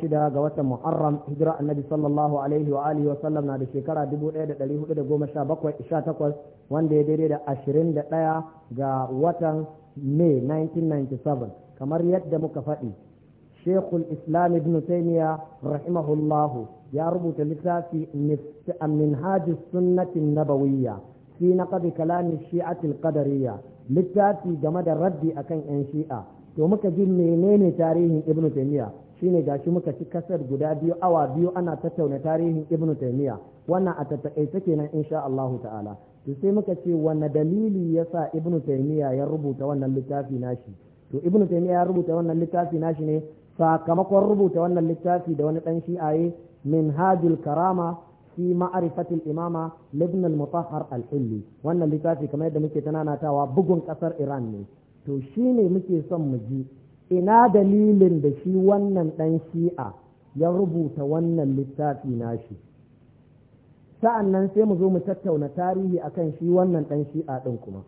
shida ga watan Muharram hijira Annabi sallallahu alaihi wa alihi wa sallam na da shekara 1417 wanda ya daidai da 21 ga watan May 1997 kamar yadda muka faɗi Sheikhul Islam Ibn Taymiyyah rahimahullahu ya rubuta littafi Minhaj sunnati nabawiyya fi naqd kalam shi'ati al-qadariyya littafi game da raddi akan yan shi'a to muka ji menene tarihin Ibn Taymiyyah shine gashi muka ci kasar guda biyu awa biyu ana tattauna tarihin ibnu taymiya wannan a tattakaice kenan insha Allahu ta'ala to sai muka ce wanne dalili yasa ibnu taymiya ya rubuta wannan littafi nashi to ibnu taymiya ya rubuta wannan littafi nashi ne sakamakon rubuta wannan littafi da wani dan shi'aye minhajul karama fi ma'rifatil imama ibn al-mutahhar al-hilli wannan littafi kamar yadda muke tananatawa bugun kasar Iran ne to shine muke son mu ji ina dalilin da shi wannan ɗan shi'a ya rubuta wannan littafi shi? sa'an nan sai mu zo mu tattauna tarihi a kan shi wannan ɗan shi'a ɗin kuma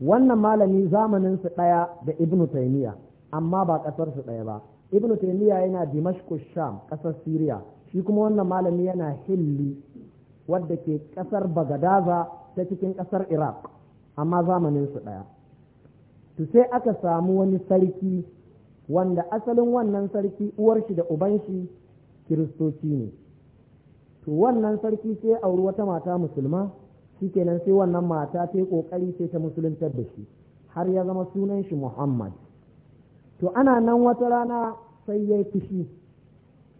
wannan malami zamaninsu ɗaya da ibnu taimiyya amma ba ƙasarsu ɗaya ba ibnu taimiyya yana dimashku sham ƙasar siriya shi kuma wannan malami yana hilli wadda ke ƙasar bagadaza ta cikin ƙasar iraq amma zamaninsu ɗaya to sai aka samu wani sarki wanda asalin wannan sarki uwar shi da uban shi kiristoci ne to wannan sarki sai auri wata mata musulma shi kenan sai wannan mata ta yi kokari sai ta musuluntar da shi har ya zama sunan shi muhammad to ana nan wata rana sai ya fishi fushi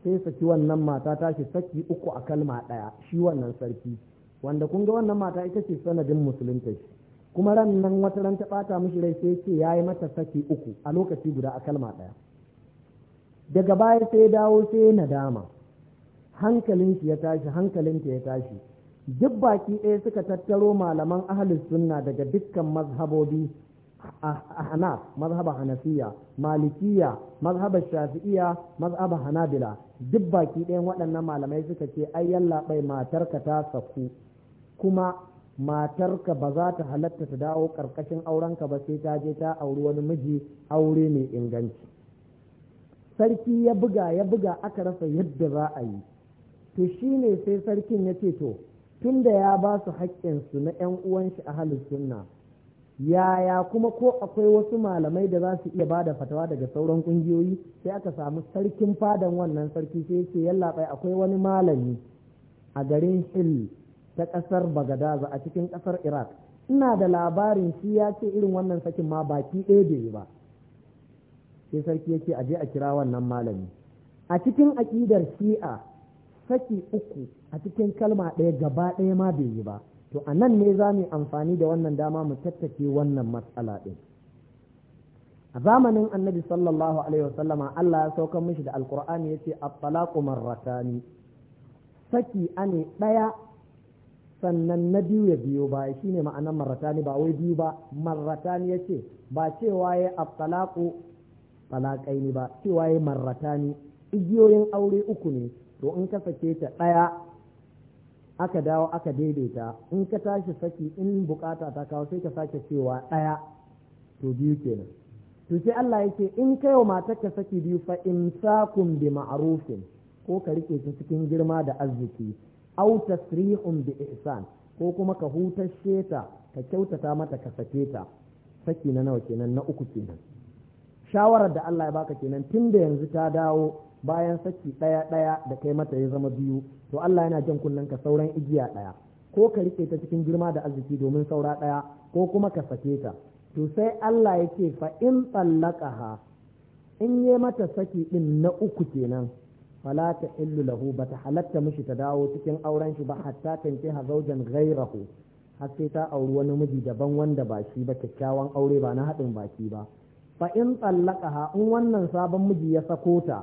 sai saki wannan mata ta shi saki uku a kalma ɗaya shi wannan sarki wanda kun ga wannan mata ita ce sanadin musulunta shi kuma ran nan wata ran ta bata mishi rai sai ce yayi mata saki uku a lokaci guda a kalma daya daga baya sai dawo sai ya nadama hankalin shi ya tashi hankalinta ya tashi duk baki ɗaya suka tattaro malaman ahlus sunna daga dukkan mazhabobi hana, mazhaba hanafiya malikiya mazhaba shafi'iya mazhaba hanabila duk baki ɗayan waɗannan malamai suka ce ai yallaɓai matarka ta saku kuma matarka ba za ta halatta ta dawo karkashin aurenka ba sai ta je ta auri wani miji aure mai inganci sarki ya buga ya buga aka rasa yadda za a yi to shi ne sai sarkin ya ce to tunda ya ba su haƙƙinsu na 'yan uwanshi a halin sunna yaya kuma ko akwai wasu malamai da za su iya ba da fatawa daga sauran ƙungiyoyi sai aka samu sarkin fadan wannan sarki sai ce yallaɓai akwai wani malami a garin hill ta ƙasar bagadaza a cikin ƙasar iraq ina da labarin shi ya ce irin wannan sakin ma baki ɗaya bai yi ba sai sarki yake aje a kira wannan malami a cikin aƙidar shi'a saki uku a cikin kalma ɗaya gaba ɗaya ma bai yi ba to a nan ne za mu amfani da wannan dama mu tattake wannan matsala ɗin a zamanin annabi sallallahu alaihi wasallama Allah ya sauka mishi da alkur'ani yace at-talaqu marratani saki ane ɗaya sannan na biyu ya biyo ba baya shine ma'anar ne ba wai biyu ba ne ya ce ba cewa ya abtalaku talakai ne ba cewa ya ne igiyoyin aure uku ne to in ka sake ta ɗaya aka dawo aka daidaita in ka tashi saki in bukata ta kawo sai ka sake cewa ɗaya to biyu kenan to sai Allah yake in kai wa matar ka saki biyu fa in imsakun bi ma'rufin ko ka rike ta cikin girma da arziki au tasrihun bi ihsan ko kuma ka hutashe ta ka kyautata mata ka sake ta saki na nawa kenan na uku kenan shawarar da Allah ya baka kenan tun da yanzu ta dawo bayan saki ɗaya ɗaya da kai mata ya zama biyu to Allah yana jan kunnen ka sauran igiya ɗaya ko ka rike ta cikin girma da arziki domin saura ɗaya ko kuma ka sake ta to sai Allah yake fa in tallaqaha in yi mata saki ɗin na uku kenan fala ta illu lahu bata halatta mishi ta dawo cikin auren shi ba hatta tanke ha zaujan ghairahu Haske ta auri wani miji daban wanda ba shi ba kyakkyawan aure ba na haɗin baki ba fa in tsallaqaha in wannan sabon miji ya sako ta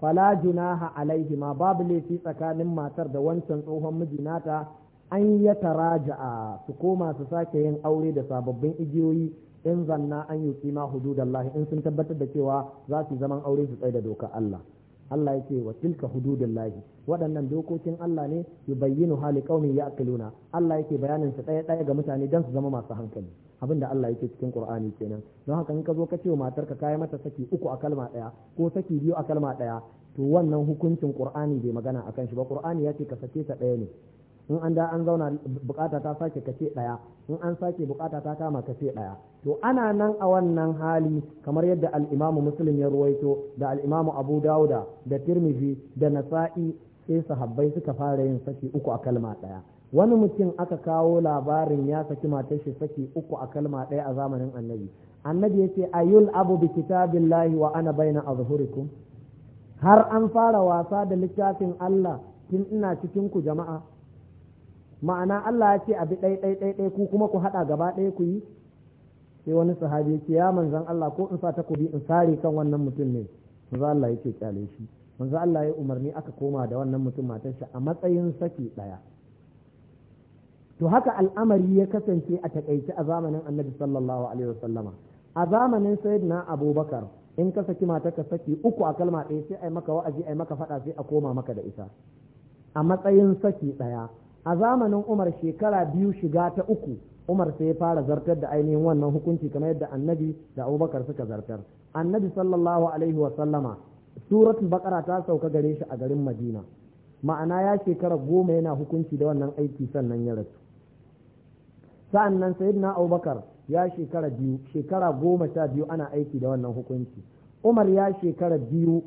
fala junaha alaihi ma babu laifi tsakanin matar da wancan tsohon miji nata an ya taraja'a su koma su sake yin aure da sababbin igiyoyi in zanna an yi kima hududallahi in sun tabbatar da cewa za su zaman aure su tsaye da dokar Allah Allah ya ce wa tilka lahi waɗannan dokokin Allah ne ya bayyana hali ya yaqiluna Allah yake bayanin sa ɗaya ɗaya ga mutane dan su zama masu hankali abin da Allah yake cikin Qur'ani kenan don haka in ka zo ka ce matarka kai mata saki uku a kalma ɗaya ko saki biyu a kalma ɗaya to wannan hukuncin Qur'ani bai magana akan shi ba Qur'ani ya ce ka sake ta ɗaya ne in an da an zauna bukata ta sake kace daya in an sake bukata ta kama kace daya to ana nan a wannan hali kamar yadda al-Imam Muslim ya ruwaito da al-Imam Abu Dawuda da Tirmidhi da Nasa'i sai sahabbai suka fara yin saki uku a kalma daya wani mutum aka kawo labarin ya saki matar shi saki uku a kalma daya a zamanin Annabi annabi ya ce ayul abu bi kitabillahi wa ana baina azhurikum har an fara wasa da littafin Allah tun ina cikin ku jama'a ma'ana Allah ya ce abi ɗai ɗai ɗai ku kuma ku haɗa gaba ɗaya ku yi sai wani sahabi ce ya manzan Allah ko in sa ta ku bi in sare kan wannan mutum ne manzo Allah yake kyale shi manzo Allah ya umarni aka koma da wannan mutum matar shi a matsayin saki ɗaya to haka al'amari ya kasance a takaice a zamanin annabi sallallahu alaihi wasallama a zamanin sayyidina abubakar in ka saki mata ka saki uku a kalma ɗaya sai ai maka wa'azi ai maka faɗa sai a koma maka da ita a matsayin saki ɗaya a zamanin umar shekara biyu shiga ta uku umar sai ya fara zartar da ainihin wannan hukunci kamar yadda annabi da abubakar suka zartar annabi sallallahu alaihi wasallama suratul bakara ta sauka gare shi a garin madina ma'ana ya shekara goma yana hukunci da wannan aiki sannan ya rasu Sa'an sa'annan sayyidina abubakar ya shekara biyu shekara goma sha biyu ana aiki da wannan hukunci umar ya shekara biyu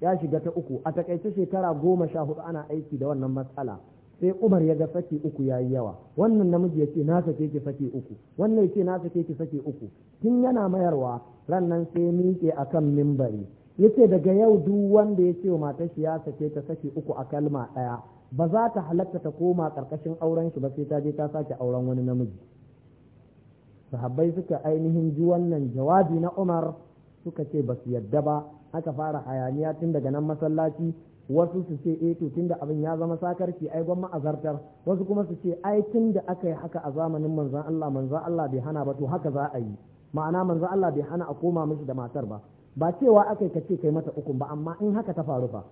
ya shiga ta uku a takaice shekara goma sha hudu ana aiki da wannan matsala sai umar ya ga saki uku ya yi yawa wannan namiji ya ce na sake ki saki uku wannan ya ce na sake ki saki uku tun yana mayarwa rannan sai miƙe a kan mimbari ya ce daga yau duk wanda ya ce wa matar shi ya sake ta saki uku a kalma ɗaya ba za ta halatta ta koma ƙarƙashin auren shi ba sai ta je ta sake auren wani namiji sahabbai suka ainihin ji wannan jawabi na umar suka ce ba su yadda ba aka fara hayaniya tun daga nan masallaci wasu su ce eh to tunda abin ya zama sakarci ai gwamma azartar wasu kuma su ce ai tunda aka yi haka a zamanin manzon Allah manzon Allah bai hana ba to haka za a yi ma'ana manzon Allah bai hana a koma mishi da matar ba ba cewa akai ka ce kai mata ukun ba amma in haka ta faru fa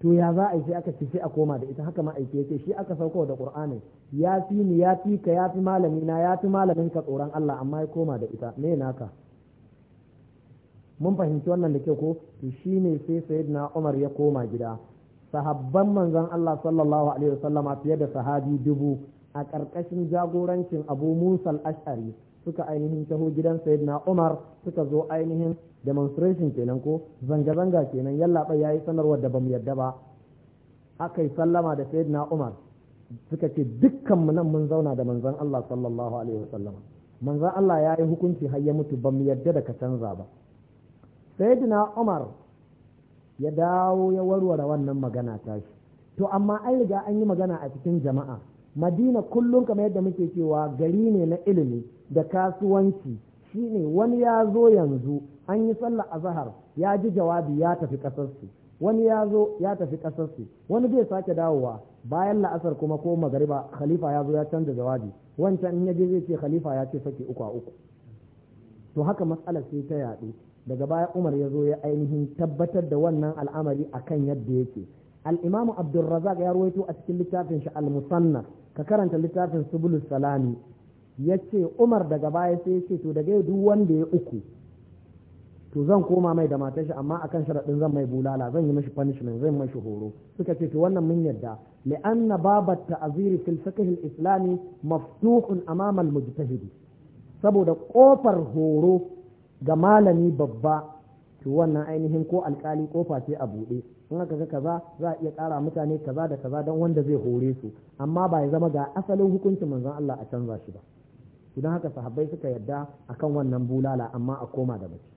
to ya za a yi sai aka ce sai a koma da ita haka ma aike yake shi aka sauko da qur'ani ya fi ni ya fi ka ya fi malami na ya fi malamin ka tsoron Allah amma ya koma da ita me naka mun fahimci wannan da ke ko to ne sai sayyidina Umar ya koma gida sahabban manzon Allah sallallahu alaihi wasallama fiye da sahabi dubu a ƙarƙashin jagorancin Abu Musa al-Ash'ari suka ainihin taho gidan sayyidina Umar suka zo ainihin demonstration kenan ko zanga-zanga kenan yallaɓa yayi sanarwar da bamu yadda ba aka yi sallama da sayyidina Umar suka ce dukkan mu nan mun zauna da manzon Allah sallallahu alaihi wasallama manzon Allah ya yi hukunci har ya mutu bamu yadda da ka canza ba sayyidina umar ya dawo ya warware wannan magana tashi to amma an riga an yi magana a cikin jama'a madina kullum kamar yadda muke cewa gari ne na ilimi da kasuwanci shine wani ya zo yanzu an yi sallah azhar ya ji jawabi ya tafi kasarsu wani ya zo ya tafi kasarsu wani zai sake dawowa bayan la'asar kuma ko magariba khalifa ya zo ya canza jawabi wancan in ya je zai ce khalifa ya ce sake uku a uku to haka matsalar sai ta yaɗu daga baya umar ya zo ya ainihin tabbatar da wannan al'amari akan yadda yake al'imamu abdulrazak ya ruwaito a cikin littafin shi al-musanna ka karanta littafin subulus salami ya ce umar daga baya sai ya ce to daga duk wanda ya uku to zan koma mai da matashi amma akan sharaɗin zan mai bulala zan yi mashi punishment zan mashi horo suka ce to wannan mun yadda li'anna babat ta'ziri fil fiqh al-islami maftuhun amama al-mujtahidi saboda kofar horo ga malami babba to wannan ainihin ko alkali ko face a buɗe in aka ga kaza za a iya ƙara mutane kaza da kaza don wanda zai hore su amma ba ya zama ga asalin hukuncin manzon Allah a canza shi ba idan haka sahabbai suka yadda akan wannan bulala amma a koma da baki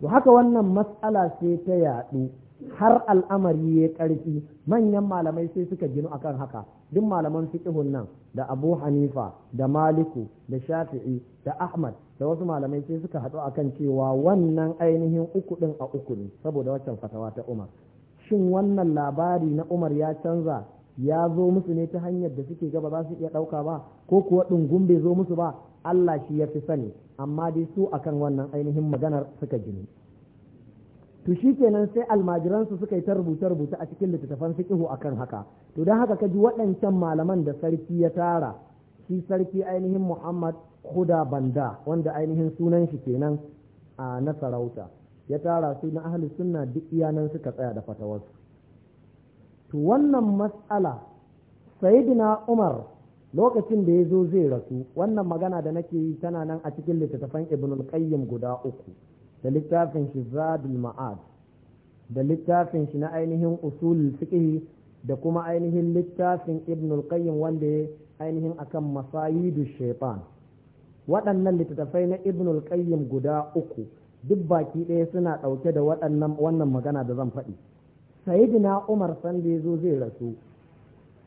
to haka wannan matsala sai ta yaɗu har al'amari ya ƙarfi manyan malamai sai suka ginu akan haka duk malaman fiqhun nan da Abu Hanifa da Maliku da Shafi'i da Ahmad sai wasu malamai sai suka haɗu akan cewa wannan ainihin uku ɗin a uku ne saboda waccan fatawa ta umar shin wannan labari na umar ya canza ya zo musu ne ta hanyar da suke gaba za su iya ɗauka ba ko kuwa ɗungun bai zo musu ba allah shi ya fi sani amma dai su akan wannan ainihin maganar suka gini to shi kenan sai almajiransu suka yi ta rubuce-rubuce a cikin littattafan ihu akan haka to don haka ka ji waɗancan malaman da sarki ya tara shi sarki ainihin muhammad huda banda wanda ainihin sunan shi kenan a na sarauta ya tara su na ahli sunna duk iyanan suka tsaya da fatawarsu to wannan matsala sayyidina umar lokacin da ya zo zai rasu wannan magana da nake yi tana nan a cikin littattafan al qayyim guda uku da littafin shi zadul ma'ad da littafin shi na ainihin usulul fiqh da kuma ainihin littafin al qayyim wanda ya ainihin akan masayidu shaytan waɗannan littattafai na ibnul qayyim guda uku duk baki ɗaya suna ɗauke da waɗannan wannan magana da zan faɗi na umar san da zai rasu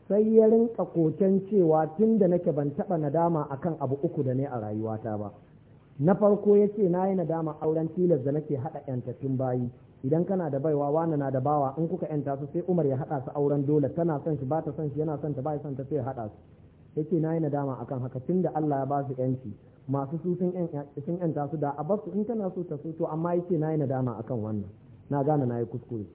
sai ya rinka koken cewa tun da nake ban taɓa nadama a kan abu uku da ne a rayuwata ba na farko ya ce na yi nadama auren tilas da nake haɗa yantattun bayi idan kana da baiwa wani na da bawa in kuka yanta su sai umar ya haɗa su auren dole tana son shi ba ta son shi yana son ta ba ya son ta sai ya haɗa su yace na yi nadama akan haka tunda Allah ya ba su yanci masu su sun yanta su da a basu in tana so ta so to amma yake na yi nadama akan wannan na gane na yi kuskure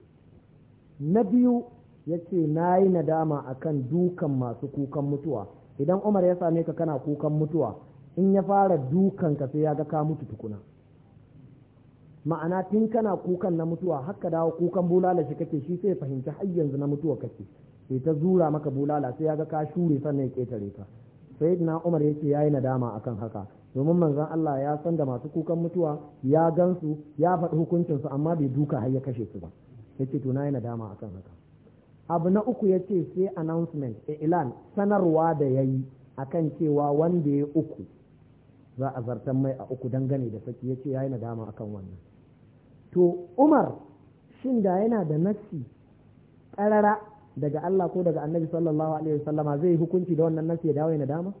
na biyu yace na yi nadama akan dukan masu kukan mutuwa idan Umar ya same ka kana kukan mutuwa in ya fara dukan ka sai ya ga ka mutu tukuna ma'ana tun kana kukan na mutuwa haka dawo kukan bulala shi kake shi sai fahimci har yanzu na mutuwa kake sai ta zura maka bulala sai ya ga ka shure sannan ya ketare ka na umar yace yayi nadama akan haka domin manzon Allah ya san da masu kukan mutuwa ya gansu ya faɗi hukuncin su amma bai duka har ya kashe su ba yace to yi nadama akan haka abu na uku yace sai announcement e ilan sanarwa da yayi akan cewa wanda ya uku za a zartan mai a uku dangane da saki yace yayi nadama akan wannan to Umar shin da yana da nassi ƙarara daga Allah ko daga annabi sallallahu alaihi wasallama zai hukunci da wannan nasi ya dawo na dama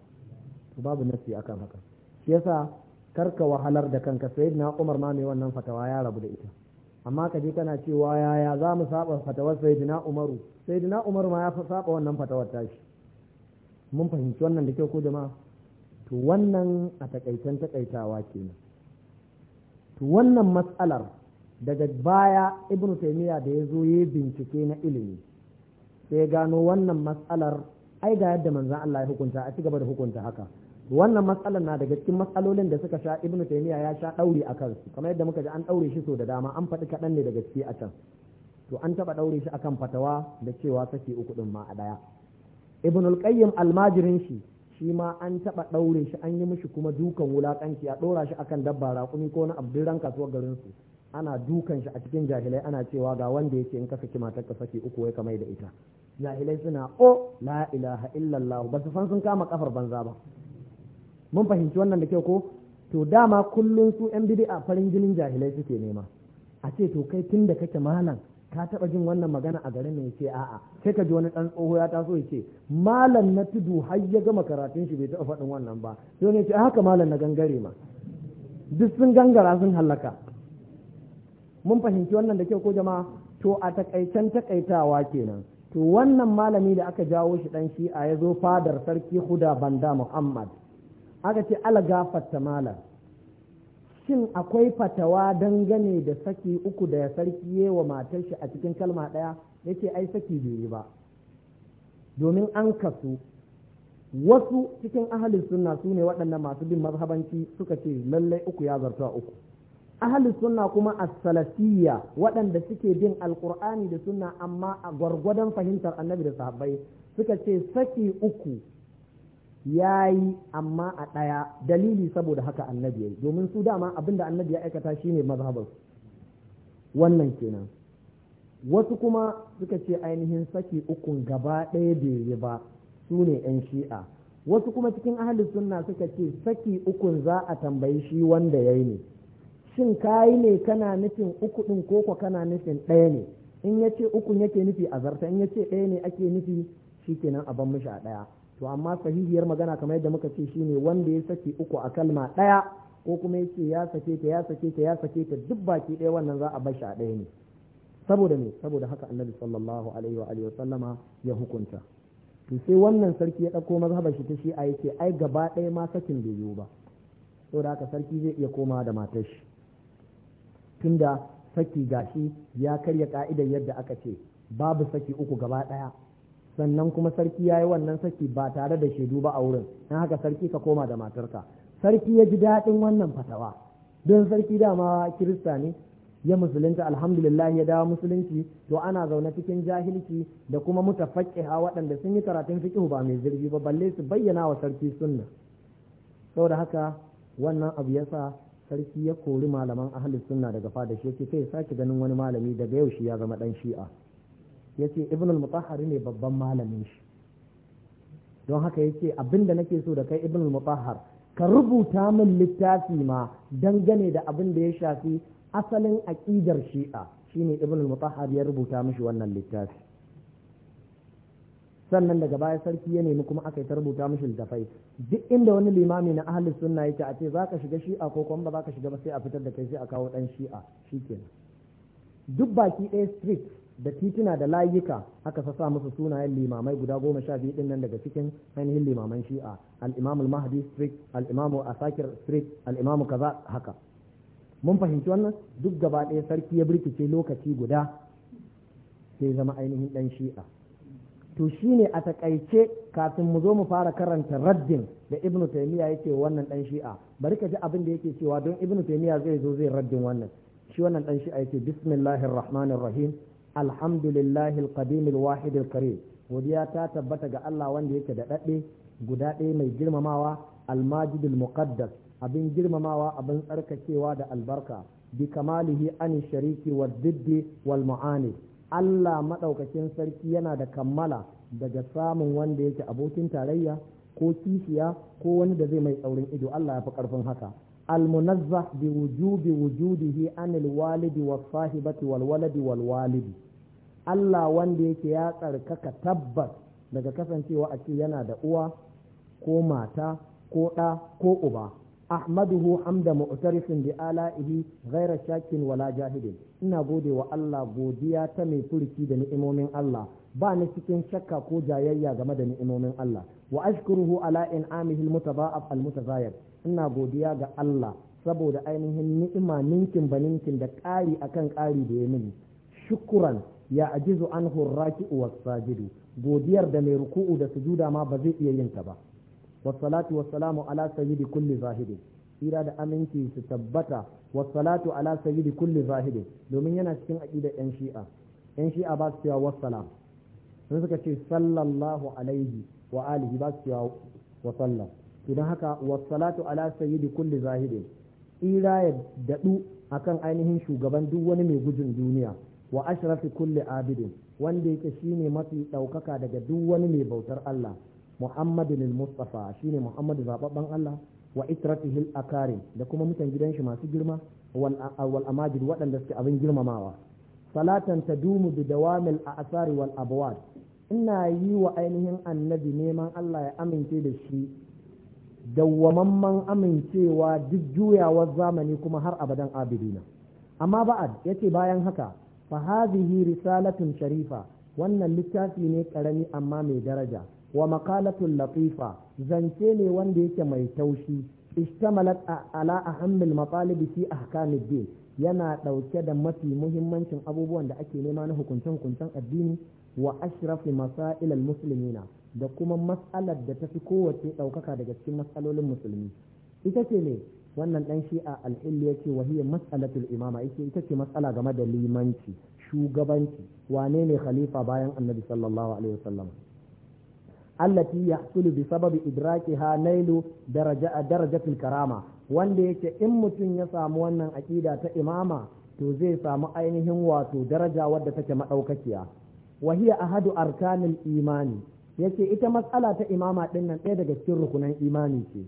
to babu nasi akan haka shi yasa karka wahalar da kanka sayyidina Umar ma mai wannan fatawa ya rabu da ita amma ka je kana cewa yaya za mu saba fatawar sayyidina Umaru sayyidina Umar ma ya saba wannan fatawar tashi mun fahimci wannan da kyau ko jama'a to wannan a takaitan takaitawa kenan to wannan matsalar daga baya ibnu taymiya da ya zo ya bincike na ilimi sai gano wannan matsalar ai ga yadda manzon Allah ya hukunta a cigaba da hukunta haka wannan matsalar na daga cikin matsalolin da suka sha ibnu taymiya ya sha daure a kansu kamar yadda muka ji an daure shi so da dama an faɗi kaɗan ne daga ciki a can to an taɓa daure shi akan fatawa da cewa saki uku ɗin ma a ɗaya ibnul qayyim almajirin shi shi ma an taɓa daure shi an yi mishi kuma dukan wulaƙanci a ɗora shi akan dabba raƙumi ko na abdurran kasuwar garin su ana dukan shi a cikin jahilai ana cewa ga wanda yake in ka saki matar ka saki uku wai kamar da ita jahilai suna o la ilaha illallah ba su san sun kama kafar banza ba mun fahimci wannan da kyau ko to dama kullun su yan bid'a farin jinin jahilai suke nema a ce to kai tun da kake malam ka taba jin wannan magana a garin ne ce a'a sai ka ji wani dan tsoho ya taso ya ce malam na tudu har ya gama karatun shi bai taba faɗin wannan ba sai ne ce haka malam na gangare ma duk sun gangara sun hallaka mun fahimci wannan da kyau ko jama'a to a takaicen takaitawa kenan to wannan malami da aka jawo shi dan shi'a ya zo fadar sarki huda banda muhammad aka ce algafatta malam shin akwai fatawa dangane da saki uku da sarki ya wa matar shi a cikin kalma ɗaya ya ce ai saki bai yi ba domin an kasu wasu cikin ahalin sunna su ne waɗannan masu bin mazhabanci suka ce lallai uku ya zarta uku ahli sunna kuma as-salafiyya waɗanda suke bin alkur'ani da sunna amma a gwargwadon fahimtar annabi da sahabbai suka ce saki uku yayi amma a ɗaya dalili saboda haka annabi yayi domin su dama abinda annabi ya aikata shine mazhabar wannan kenan wasu kuma suka ce ainihin saki ukun gaba ɗaya bai yi ba su ne 'yan shi'a wasu kuma cikin ahli sunna suka ce saki ukun za a tambayi shi wanda ya yi ne shin kayi ne kana nufin uku ɗin koko kana nufin ɗaya ne in ya ce ukun yake nufi a zarta in ya ce ɗaya ne ake nufi shi kenan a ban mishi a ɗaya to amma sahihiyar magana kamar yadda muka ce shine wanda ya saki uku a kalma ɗaya ko kuma ya ce ya sake ta ya sake ta ya sake ta duk baki ɗaya wannan za a bashi a ɗaya ne saboda me saboda haka annabi sallallahu alaihi wa alihi sallama ya hukunta to sai wannan sarki ya ɗauko mazhabar shi ta shi a yake ai gaba ɗaya ma sakin bai yiwu ba saboda haka sarki zai iya koma da matar shi tunda saki gashi ya karya ka'idar yadda aka ce babu saki uku gaba ɗaya sannan kuma sarki ya yi wannan saki ba tare da shaidu ba a wurin don haka sarki ka koma da matarka sarki ya ji daɗin wannan fatawa don sarki dama kirista ne ya musulunta alhamdulillah ya dawo musulunci to ana zaune cikin jahilci da kuma mutafaqqiha waɗanda sun yi karatun fiqh ba mai zurfi ba balle su bayyana wa sarki sunna saboda haka wannan abu yasa sarki ya kori malaman ahli sunna daga fada shi yace kai sake ganin wani malami daga yau shi ya zama dan shi'a yace ibn al ne babban malamin shi don haka ya yace abinda nake so da kai ibn al-mutahhar ka rubuta min littafi ma dangane da abin da ya shafi asalin aqidar shi'a shine ibn al-mutahhar ya rubuta mishi wannan littafi sannan daga baya sarki ya nemi kuma aka yi ta rubuta mishi littafai duk inda wani limami na ahlus sunna yake a ce za ka shiga shi'a ko kuma ba ka shiga ba sai a fitar da kai sai a kawo dan shi'a shikenan duk baki ɗaya street da tituna da layuka aka sassa musu sunayen limamai guda goma sha biyu din nan daga cikin ainihin limaman shi'a alimamul imam mahdi street al asakir street al kaza haka mun fahimci wannan duk gaba ɗaya sarki ya birkice lokaci guda sai zama ainihin dan shi'a to shi ne a takaice kafin mu zo mu fara karanta raddin da ibnu taymiya yake wannan dan shi'a bari ka ji abin da yake cewa don ibnu taymiya zai zo zai raddin wannan shi wannan dan shi'a yake bismillahir rahmanir rahim alhamdulillahi alqadim alwahid alkarim godiya ta tabbata ga Allah wanda yake da dadde guda ɗaya mai girmamawa almajid almuqaddas abin girmamawa abin tsarkakewa da albarka bi kamalihi an shariki wa diddi wal mu'anid Allah maɗaukakin sarki yana da kammala daga samun wanda yake abokin tarayya ko kishiya ko wani da zai mai tsaurin ido Allah ya fi ƙarfin haka almunazza bi wujubi wujudihi anil walidi was sahibati wal waladi wal walidi Allah wanda yake ya tsarkaka tabbas daga kasancewa a ce yana da uwa ko mata ko ɗa ko uba ahmaduhu hamda mu'tarifin bi ala'ihi ghaira shakin wala jahidin ina gode wa Allah godiya ta mai furki da ni'imomin Allah ba ni cikin shakka ko jayayya game da ni'imomin Allah wa ashkuruhu ala in'amihi al-mutaba'af al-mutazayyan ina godiya ga Allah saboda ainihin ni'ima ninkin baninkin da ƙari akan ƙari da ya mini shukuran ya ajizu an hurraki was sajidu godiyar da mai ruku'u da sujuda ma ba zai iya yin ta ba wassalatu wassalamu ala sayyidi kulli zahidin tsira da aminci su tabbata salatu ala sayyidi kulli zahidin domin yana cikin aqida yan shi'a yan shi'a ba su cewa wassalam sun suka ce sallallahu alaihi wa alihi ba su cewa wa sallam idan haka salatu ala sayyidi kulli zahidin tsira ya dadu akan ainihin shugaban duk wani mai gujin duniya wa ashrafi kulli abidin wanda yake shine mafi daukaka daga duk wani mai bautar Allah Muhammadin al-Mustafa shine Muhammadu zababban Allah wa itratihi a akarim da kuma mutan gidan shi masu girma wal amajid waɗanda suke abin girmamawa salatan tadumu bi dawamil a'sari wal abwad ina yi wa ainihin annabi neman Allah ya amince da shi dawwamamman amincewa duk juyawar zamani kuma har abadan abidina amma ba'ad yace bayan haka fa hadhihi risalatun sharifa wannan littafi ne karami amma mai daraja wa maqalatun latifa zance ne wanda yake mai taushi ishtamalat ala ahammil matalib fi ahkamid din yana dauke da mafi muhimmancin abubuwan da ake nema na hukuncen hukuncen addini wa ashrafi masail muslimina da kuma mas'alar da tafi kowace daukaka daga cikin mas'alolin musulmi ita ce ne wannan dan shi'a al-hilli yace wa mas'alatul imama yace ita ce mas'ala game da limanci shugabanci wane ne khalifa bayan annabi sallallahu alaihi wasallam allati yahsulu bi sababi ha nailu daraja darajatul karama wanda yake in mutum ya samu wannan aƙida ta imama to zai samu ainihin wato daraja wadda take maɗaukakiya wa hiya ahadu arkanil imani yake ita matsala ta imama din nan ɗaya daga cikin rukunan imani ce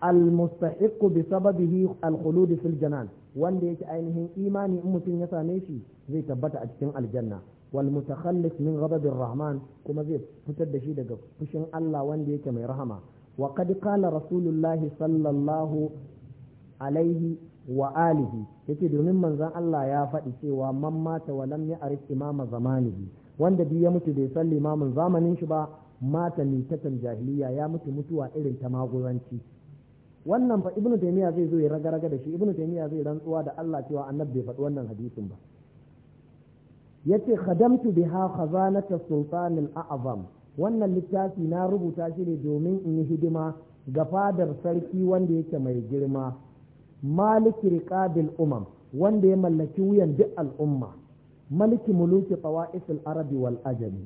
al mustahiqqu bi sababihi al fil janan wanda yake ainihin imani in mutum ya same shi zai tabbata a cikin aljanna wal mutakhallis min ghadabir rahman kuma zai fitar da shi daga fushin Allah wanda yake mai rahama wa qad qala rasulullahi sallallahu alaihi wa alihi ce domin manzon Allah ya faɗi cewa man mata wa lam ya'rif imama zamanihi wanda bi ya mutu bai san limamin zamanin shi ba mata mitatan jahiliya ya mutu mutuwa irin ta maguranci wannan fa ibnu taymiya zai zo ya ragaraga da shi ibnu taymiya zai rantsuwa da Allah cewa annabi bai faɗi wannan hadisin ba Ya ce khadamtu biha khazanata sultanin a'zam wannan littafi na rubuta shi ne domin in yi hidima ga fadar sarki wanda yake mai girma malik riqabil umam wanda ya mallaki wuyan duk al'umma maliki muluki qawa'isul arabi wal ajami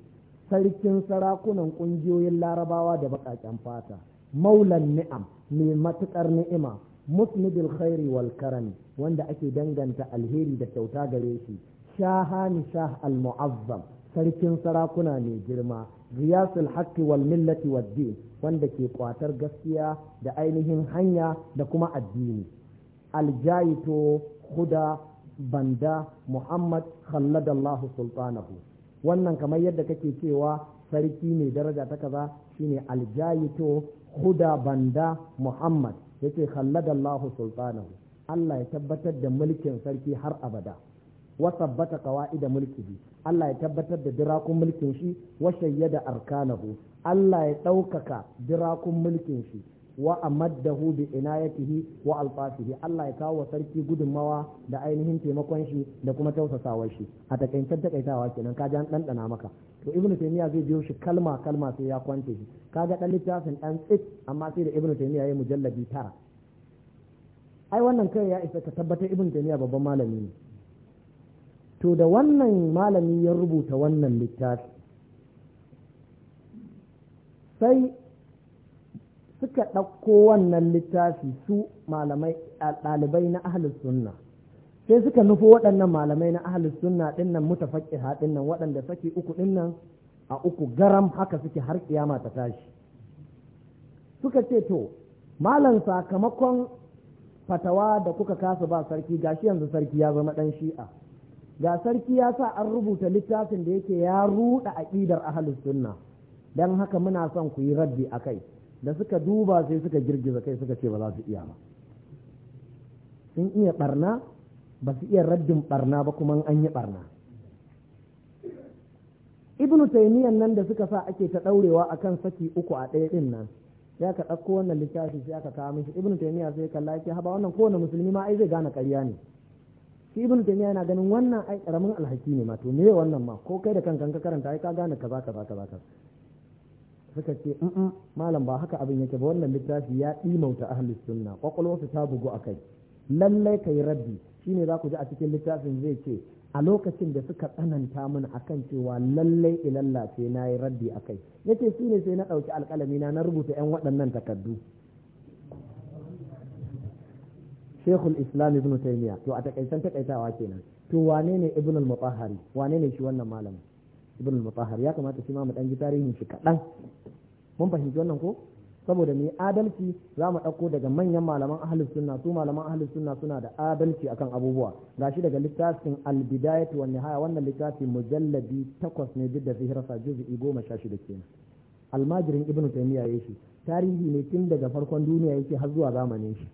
sarkin sarakunan kungiyoyin larabawa da bakaken fata maulan ni'am mai matukar ni'ima musnidil khairi wal karami wanda ake danganta alheri da kyauta gare shi shaha nishah al-mu'azzam sarkin sarakuna ne girma riyasul haqqi wal millati wad din wanda ke kwatar gaskiya da ainihin hanya da kuma addini aljayito huda banda muhammad khalladallahu sultanahu wannan kamar yadda kake cewa sarki mai daraja ta kaza shine aljayito huda banda muhammad yace khalladallahu sultanahu Allah ya tabbatar da mulkin sarki har abada wa sabbata mulki mulkihi Allah ya tabbatar da dirakun mulkin shi wa shayyada arkanahu Allah ya ɗaukaka dirakun mulkin shi wa amaddahu bi inayatihi wa alfasihi Allah ya kawo sarki gudunmawa da ainihin taimakon shi da kuma tausasawar shi a takaitar takaitawa kenan ka an ɗanɗana maka to ibnu taymiya zai biyo shi kalma kalma sai ya kwance shi kaga dan littafin dan tsit amma sai da ibnu taymiya yayi mujallabi tara ai wannan kai ya isa ka tabbatar ibnu taymiya babban malami ne to da wannan malami ya rubuta wannan littafi sai suka ɗauko wannan littafi su malamai ɗalibai na ahlus sunna sai suka nufo waɗannan malamai na ahlus sunna ɗinnan mutafaqiha ɗinnan waɗanda saki uku ɗinnan a uku garam haka suke har kiyama ta tashi suka ce to malam sakamakon fatawa da kuka kasa ba sarki gashi yanzu sarki ya zama ɗan shi'a ga sarki ya sa an rubuta littafin da yake ya ruɗa aƙidar ahalus sunna don haka muna son ku yi raddi a kai da suka duba sai suka girgiza kai suka ce ba za su iya ba sun iya barna ba su iya raddin barna ba kuma an yi barna ibnu taimiyan nan da suka sa ake ta ɗaurewa a kan saki uku a ɗaya ɗin nan sai aka ɗauko wannan littafi sai aka kawo mishi ibnu taymiya sai kalla ya ce wannan kowane musulmi ma ai zai gane ƙarya ne shi ibn taymiya yana ganin wannan ai karamin alhaki ne ma to me wannan ma ko kai da kanka ka karanta ai ka gane kaza kaza kaza kaza suka ce malam ba haka abin yake ba wannan littafi ya ɗimauta ahlus sunna kwakwalwarsu ta bugu a kai lallai ka yi rabbi shine za ku ji a cikin littafin zai ce a lokacin da suka tsananta min akan cewa lallai ilallah sai na yi rabbi a kai yace shine sai na ɗauki alƙalami na rubuta 'yan waɗannan takardu shekul islam ibn taymiya to a takaitan takaitawa kenan to wane ne ibn al wane ne shi wannan malamin ibn al ya kamata shi ma mu ɗan ji tarihin shi kaɗan? mun fahimci wannan ko saboda mu yi adalci za mu ɗauko daga manyan malaman ahli sunna su malaman ahli sunna suna da adalci akan abubuwa Ga shi daga littafin al-bidayatu wan nihaya wannan littafin mujalladi takwas ne duk da zihirsa juz'i goma shashi shida kenan almajirin ibnu taymiya yi shi tarihi ne tun daga farkon duniya yake har zuwa zamanin shi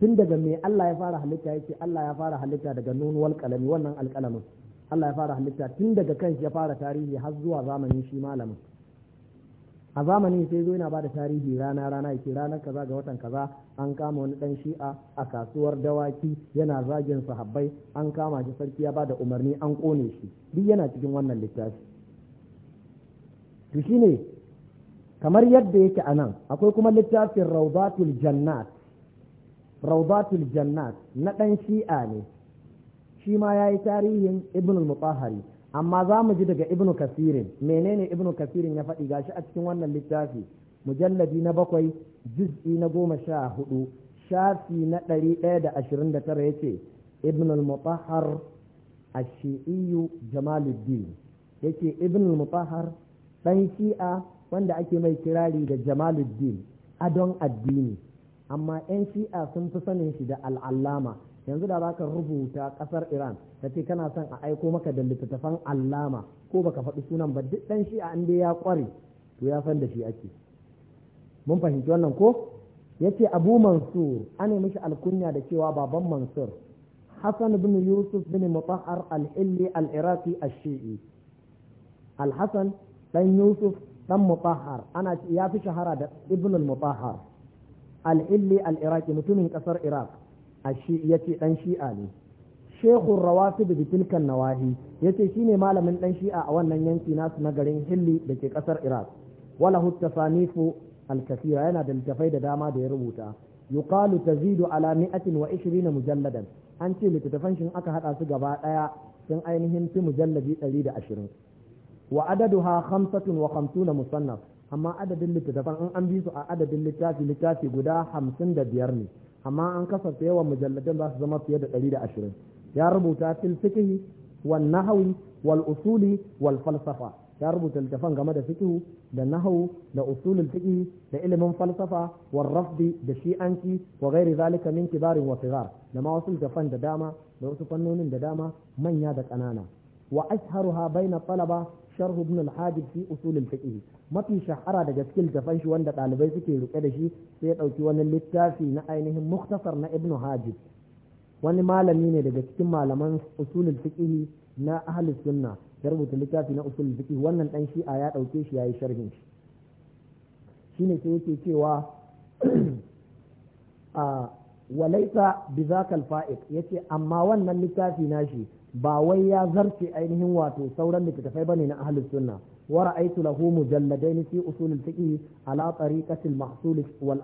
tun daga me Allah ya fara halitta yace Allah ya fara halitta daga nun wal wannan alqalamin Allah ya fara halitta tun daga kan shi ya fara tarihi har zuwa zamanin shi malamin a zamanin sai zo yana ba da tarihi rana rana yake ranar kaza ga watan kaza an kama wani dan shi'a a kasuwar dawaki yana zagin sahabbai an kama shi sarki ya ba da umarni an kone shi duk yana cikin wannan littafi to shine kamar yadda yake anan akwai kuma littafin rawdatul jannat rawdatul jannat na ɗan shi'a ne shi ma ya yi tarihin ibn al amma za mu ji daga ibn kasirin menene ibn kasirin ya faɗi shi a cikin wannan littafi mujalladi na bakwai juz'i na goma sha hudu shafi na ɗari ɗaya da ashirin da tara ya ce ibn al-mutahar shi'iyu jamaluddin ya ce ibn al-mutahar ɗan shi'a wanda ake mai kirari da jamaluddin adon addini amma 'yan shi'a sun fi sanin shi da al'allama yanzu da baka rubuta kasar iran ta ce kana son a aiko maka da littattafan allama ko baka faɗi sunan ba duk ɗan shi'a an dai ya ƙware to ya san da shi ake mun fahimci wannan ko yace abu mansur ana mishi alkunya da cewa baban mansur al بن يوسف بن مطهر al-hassan الشيعي yusuf ɗan يوسف ana مطهر أنا shahara shahara ibn al المطهر al-illi al-iraqi mutumin ƙasar iraq ashi ce ɗan shi'a ne shekhu rawatib bi tilkan nawahi shi ne malamin ɗan shi'a a wannan yanki nasu na garin hilli da ke kasar iraq wala hu tasanifu al yana da littafai da dama da ya rubuta yuqalu tazidu ala 120 mujalladan an ce littattafan shin aka haɗa su gaba ɗaya sun ainihin fi mujalladi ashirin. wa adaduha 55 musannaf amma adadin littattafan in an bi su a adadin littafi littafi guda hamsin da biyar ne amma an kasafta yawan mujalladan za su zama fiye da ɗari da ashirin ya rubuta fil fiqhi wal nahwi wal usuli wal falsafa ya rubuta littafan game da fikihu da nahawu da usulul da ilimin falsafa wal rafdi da shi'anci wa ghairi zalika min kibarin wa sigar da ma wasu littafan da dama da wasu fannonin da dama manya da ƙanana wa ashharuha bayna talaba sharh ibn al-hajib fi usul al mafi shahara daga cikin tafan shi wanda ɗalibai suke rike da shi sai ya ɗauki wani littafi na ainihin muktasar na ibnu hajib wani malami ne daga cikin malaman usulul fiqh na ahlus sunna ya rubuta littafi na usulul fiqh wannan dan shi'a ya ɗauke shi yayi sharhin shi shine sai yake cewa a walaita bizakal fa'id yace amma wannan littafi nashi ba wai ya zarce ainihin wato sauran littattafai bane na ahlus sunna wa ra'aytu lahu mujalladain fi usul al-fiqh ala tariqati al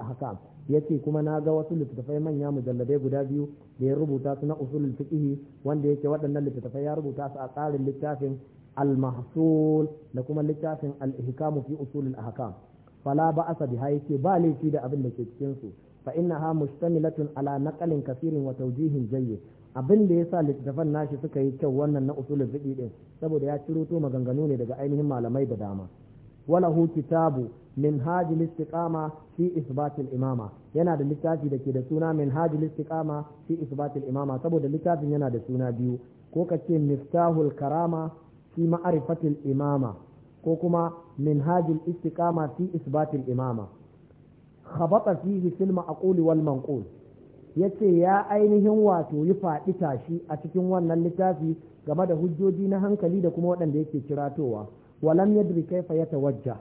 yace kuma na ga wasu littattafai manya mujalladai guda biyu da ya rubuta su na usulul fiqh wanda yake waɗannan littattafai ya rubuta su a tsarin littafin al-mahsul da kuma littafin al-ihkam fi usulul ahkam fala ba'asa biha yake ba laifi da abin da ke cikin su fa innaha mustamilatun ala naqalin kasirin wa tawjihin jayyid abin da ya sa littafan nashi suka yi kyau wannan na usulul fiqh din saboda ya ciro to maganganu ne daga ainihin malamai da dama walahu kitabu hajil istiqama fi isbatil Imama. yana da littafi da ke da suna hajil istiqama fi isbatil imama saboda littafin yana da suna biyu ko ka ce miftahul karama fi ma'rifatil imama ko kuma hajil istiqama fi isbatil imama khabata fihi fil ma'qul wal manqul ya ce ya ainihin wato yi faɗi tashi a cikin wannan littafi game da hujjoji na hankali da kuma waɗanda yake kiratowa walam yadri kaifa wajja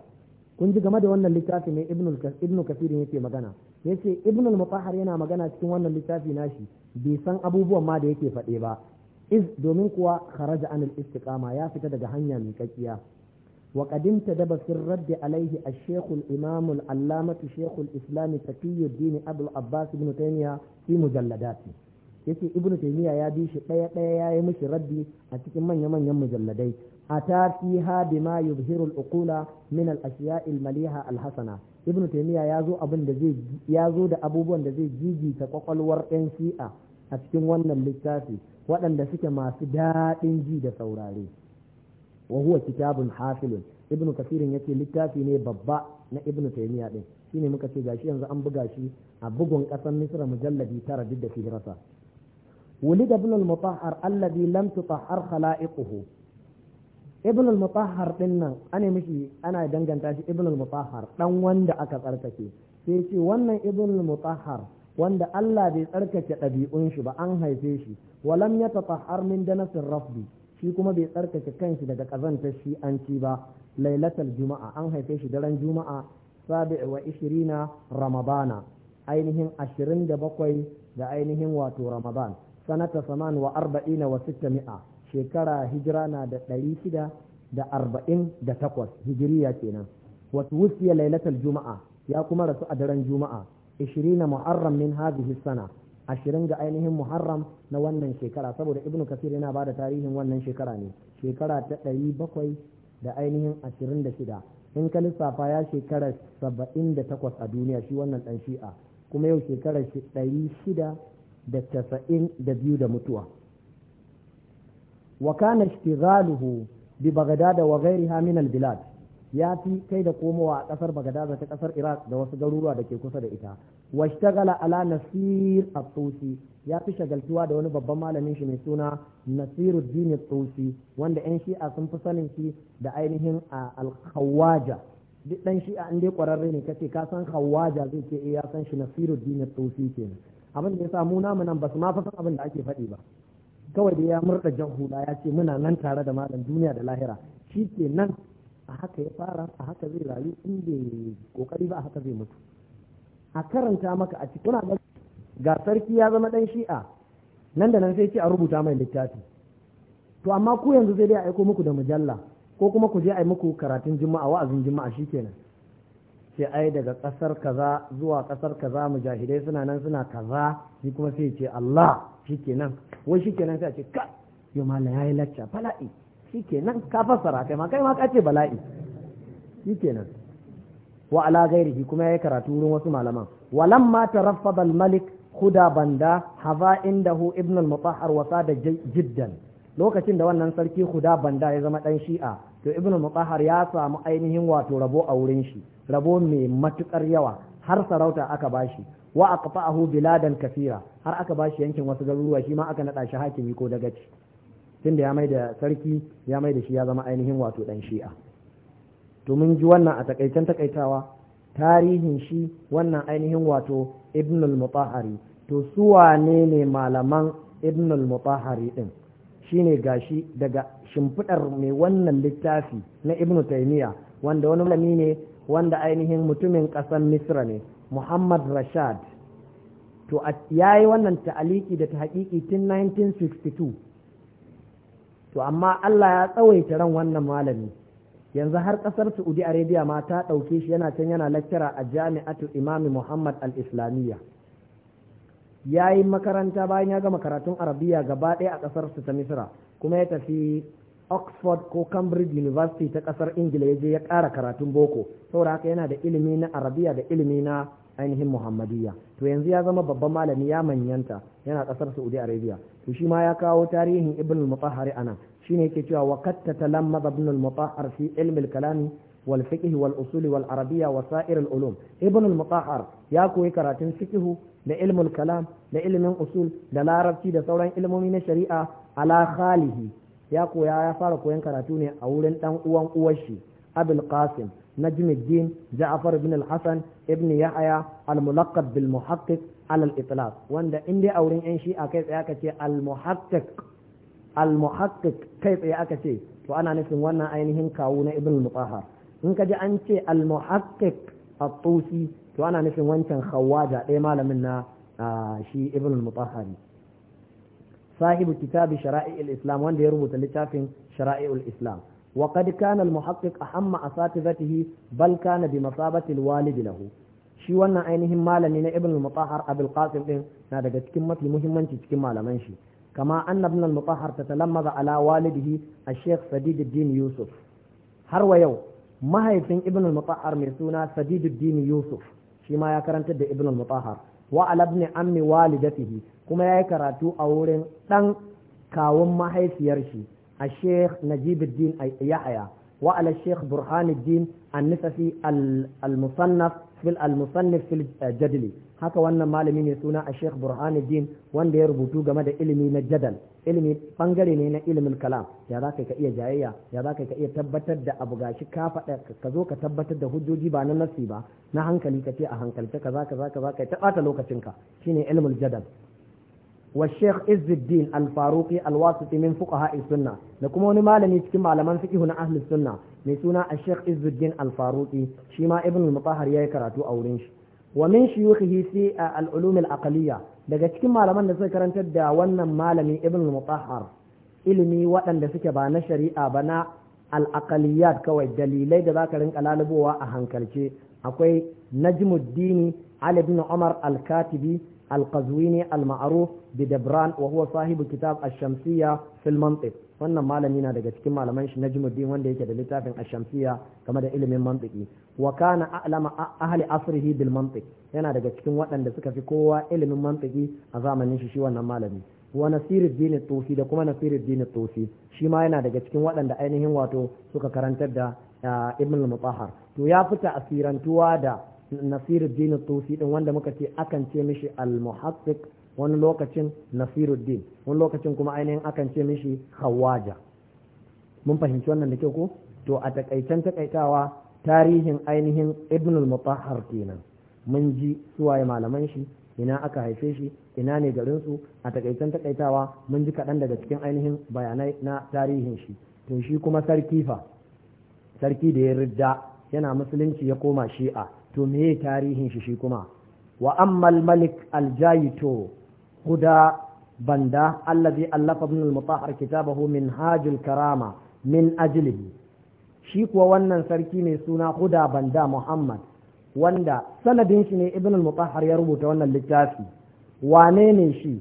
kun ji game da wannan littafi ne ibnu kasirin yake magana ya ce ibnu al-mafahar yana magana cikin wannan littafi nashi bai san abubuwan ma da yake faɗe ba iz domin kuwa kharaja anil istiqama ya fita daga hanya miƙaƙƙiya. وقد انتدب في الرد عليه الشيخ الإمام العلامة شيخ الإسلام تقي الدين أبو العباس بن تيمية في مجلداته yace ibnu taymiya ya bi shi daya daya yayi mishi raddi a cikin manyan manyan mujalladai ata fiha bima yubhiru al-uqula min al-ashiya' al-maliha al-hasana ibnu taymiya ya zo abin da zai ya zo da abubuwan da zai jijita kwakwalwar ɗan shi'a a cikin wannan littafi waɗanda suke masu daɗin ji da saurare wa huwa kitabun hafilun ibnu kasirin yace littafi ne babba na ibnu taymiya din shine muka ce gashi yanzu an buga shi a bugun kasan misra mujalladi tara duk da hijirarsa Wuli ابن المطهر الذي لم تطهر خلائقه ibn al-mutahhar din nan ana mishi ana danganta shi ibn al-mutahhar wanda aka tsarkake sai ce wannan ibn al wanda Allah bai tsarkake ɗabi'un shi ba an haife shi walam yatatahhar min danasin rafdi shi kuma bai tsarkake kanshi daga ƙazantar shi an ci ba lailatar juma'a an haife shi daren juma'a sabi wa ishirina ramadana ainihin ashirin da bakwai da ainihin wato ramadan sanata saman wa arba'ina wa sitta mi'a shekara hijira na da ɗari shida da arba'in da takwas hijiriya kenan wasu wusiya lailatar juma'a ya kuma rasu a daren juma'a ishirina muharram min hadhihi sana ashirin ga ainihin muharram na wannan shekara saboda ibn kasir yana ba da tarihin wannan shekara ne shekara ta ɗari bakwai da ainihin ashirin da shida in ka lissafa ya shekara saba'in da takwas a duniya shi wannan ɗan shi'a kuma yau shekara ɗari shida da tasa'in da biyu da mutuwa wa kana ishtighaluhu bi baghdad wa ghayriha min al-bilad ya fi kai da komowa a kasar bagadaza ta kasar iraq da wasu garuruwa da ke kusa da ita washtagala ala nasir Atusi ya fi shagaltuwa da wani babban malamin shi mai suna nasiruddin Atusi wanda yan shi'a sun fi sanin shi da ainihin al-khawaja duk ɗan shi'a in dai kwararre ne kace ka san khawaja zai ce eh, ya san shi nasiruddin Atusi ke kenan abin da ya sa mu namu nan ba su ma san abin da ake faɗi ba kawai da ya murda jan hula ya ce muna nan tare da malam duniya da lahira shi ke nan a haka ya fara a haka zai rayu in bai kokari ba a haka zai mutu a karanta maka a cikin ga sarki ya zama dan shi'a nan da nan sai ce a rubuta mai littafi to amma ku yanzu zai dai aiko muku da mujalla ko kuma ku je a yi muku karatun juma'a wa'azin juma'a shikenan sai ai daga kasar kaza zuwa kasar kaza mujahidai suna nan suna kaza shi kuma sai ce Allah shikenan wai shikenan sai a ce ka yau mala yayi lacca fala'i shikenan ka fassara kai ma kai ma ka ce bala'i shikenan wa ala ghairihi kuma yi karatu wurin wasu malaman walamma taraffada al-malik huda banda hava indahu ibn al-mutahhar wasa da jiddan lokacin da wannan sarki huda banda ya zama dan shi'a to ibn mutahhar ya samu ainihin wato rabo a wurin shi rabo mai matukar yawa har sarauta aka bashi wa aqta'ahu biladan kafira har aka bashi yankin wasu garuruwa shi ma aka nada shi hakimi ko dagaci tunda ya mai da sarki ya mai da shi ya zama ainihin wato dan shi'a to mun ji wannan a takaitan takaitawa tarihin shi wannan ainihin wato ibnul al-mutahari to su wane ne malaman ibnul al-mutahari din shine gashi daga shimfiɗar mai wannan littafi na ibn taymiya wanda wani malami ne wanda ainihin mutumin ƙasar misra ne muhammad rashad to ya yi wannan ta'aliki da ta tun 1962 to amma Allah ya tsawaita ran wannan malami yanzu har kasar Saudi Arabia ma ta ɗauke shi yana can yana lakcara a jami'atu Imami Muhammad al-Islamiyya ya yi makaranta bayan ya gama karatun arabiya gaba ɗaya a ƙasar su ta misira kuma ya tafi oxford ko cambridge university ta ƙasar ingila ya je ya ƙara karatun boko saboda haka yana da ilimi na arabiya da ilimi na ainihin muhammadiyya to yanzu ya zama babban malami ya manyanta yana ƙasar saudi arabia to shi ma ya kawo tarihin ibn al-mutahhari ana shine yake cewa wa katta talammadha ibn al-mutahhar fi ilm al-kalam wal fiqh wal usul wal arabiyya wa sa'ir al ulum ibn al-mutahhar ya koyi karatun fiqh da ilm al-kalam da ilmin usul da larabci da sauran ilmomi na shari'a ala khalihi ya koya ya fara koyan karatu ne a wurin dan uwan uwar shi abul qasim نجم الدين جعفر بن الحسن ابن يحيى bil بالمحقق alal itlaq wanda in dai auren yan shi'a kai tsaye aka ce al-muhaqqiq al-muhaqqiq kai tsaye aka ce to ana nufin wannan ainihin kawu na ibn mutahhar in ka ji an ce al-muhaqqiq at-tusi to ana nufin wancan khawaja ɗaya malamin na shi ibn mutahhari sahibu kitabi shara'i islam wanda ya rubuta littafin shara'i al-islam وقد كان المحقق أهم أساتذته بل كان بمثابة الوالد له shi wannan ainihin malami na ibn al-mutahhar abul qasim din na daga cikin mafi muhimmanci cikin malaman shi kama anna ibn al-mutahhar tatalammaza ala walidihi ash-shaykh sadiduddin yusuf har wa yau mahaifin ibn al-mutahhar mai suna sadiduddin yusuf shi ma ya karantar da ibn al-mutahhar wa ala ibn ammi walidatihi kuma yayi karatu a wurin dan kawun mahaifiyar shi ash-shaykh najibuddin yahya wa ala ash-shaykh burhanuddin النسفي المصنف في haka wannan malami ne suna a Sheikh Burhanuddin wanda ya rubutu game da ilimi na jadal ilimi bangare ne na ilimin kalam ya za ka iya jayayya ya za ka iya tabbatar da abu gashi ka ka zo ka tabbatar da hujjoji ba na nafsi ba na hankali ka ce a hankalce kaza kaza kaza kai ta ɓata lokacinka shine ilmul jadal wa Sheikh Izzuddin al faruƙi Al-Wasiti min fuqaha sunna da kuma wani malami cikin malaman fiqh na ahli sunna mai suna a sheikh izzuddin al-faruqi shi ma ibn al-mutahhar yayi karatu a wurin shi wa min shuyukhihi fi al-ulum al-aqliyya daga cikin malaman da suka karantar da wannan malami ibn al-mutahhar ilimi waɗanda suke ba na shari'a ba na al-aqliyat kawai dalilai da zaka rinka lalubowa a hankalce akwai najmuddini ali ibn umar al-katibi al-qazwini al-ma'ruf bi dabran wa huwa sahibu kitab a shamsiyya fi wannan malami na daga cikin malaman shi najmuddin wanda yake da littafin ashamsiya game da ilimin mantiki wa kana a'lama ahli asrihi bil mantiq yana daga cikin waɗanda suka fi kowa ilimin mantiki a zamanin shi shi wannan malami wa nasiruddin tusi da kuma nasiruddin tusi shi ma yana daga cikin waɗanda ainihin wato suka karantar da ibn al-mutahhar to ya fita asirantuwa da nasiruddin tufi din wanda muka ce akan ce mishi al-muhaqqiq wani lokacin nasiruddin wani lokacin kuma ainihin akan ce mishi hawaja mun fahimci wannan da ke ko to a takaicen takaitawa tarihin ainihin ibnul mutahhar kenan mun ji suwaye malaman shi ina aka haife shi ina ne garin su a takaicen takaitawa mun ji kaɗan daga cikin ainihin bayanai na tarihin shi to shi kuma sarki fa sarki da ya ridda yana musulunci ya koma shi'a to meye tarihin shi shi kuma wa ammal malik aljayito guda banda allazi allafa ibn al-mutahhar kitabahu min hajul karama min ajlihi shi kuwa wannan sarki ne suna guda banda muhammad wanda sanadin shi ne ibn al ya rubuta wannan littafi Wanene shi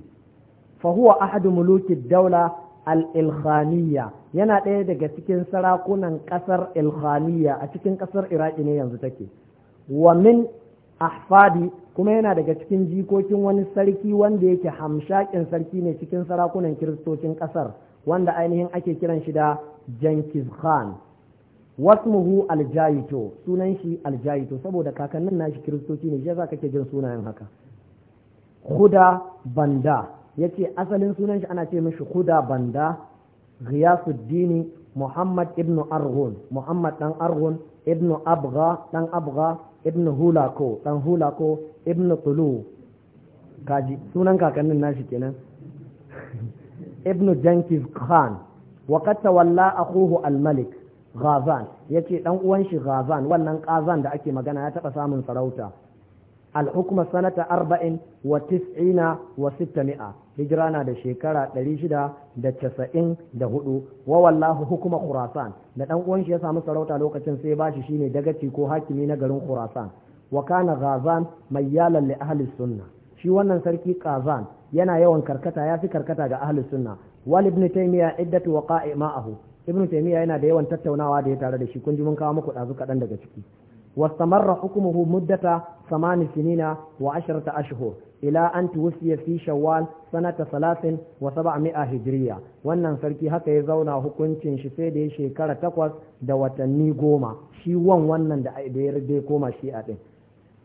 fa huwa ahadu muluki daula al-ilkhaniya yana ɗaya daga cikin sarakunan ƙasar ilkhaniya a cikin ƙasar iraki ne yanzu take wa min ahfadi kuma yana daga cikin jikokin wani sarki wanda yake hamshakin sarki ne cikin sarakunan kiristocin kasar wanda ainihin ake kiran shi da Jenkins Khan wasmuhu aljayito sunan shi aljayito saboda kakannin nashi kiristoci ne shi yasa kake jin sunayen haka huda banda yace asalin sunan shi ana ce mishi huda banda riyasuddini muhammad ibnu arghun muhammad dan arghun ibnu abga dan abga ibn hulako dan hulako ibn tulu kaji sunan kakannin nashi kenan ibn jankiz khan wa qad tawalla akhuhu al-malik ghazan yace dan uwan shi ghazan wannan qazan da ake magana ya taba samun sarauta al-hukma sanata arba'in wa tis'ina wa sittami'a hijira na da shekara 694 wa wallahu hukuma khurasan da dan uwan shi ya samu sarauta lokacin sai bashi shine dagaci ko hakimi na garin khurasan wa ra'zan mai mayyalan li ahli sunna shi wannan sarki qazan yana yawan karkata ya fi karkata ga ahli sunna wal ibn taymiya iddatu waqa'i ma'ahu ibn taymiya yana da yawan tattaunawa da ya tare da shi kun ji mun kawo muku dazu kadan daga ciki واستمر حكمه مدة ثمان سنين وعشرة أشهر إلى أن توفي في شوال سنة ثلاث وسبعمائة هجرية wannan sarki haka ya zauna hukuncin shi sai da ya shekara takwas da watanni goma shi wan wannan da ya rage koma shi a ɗin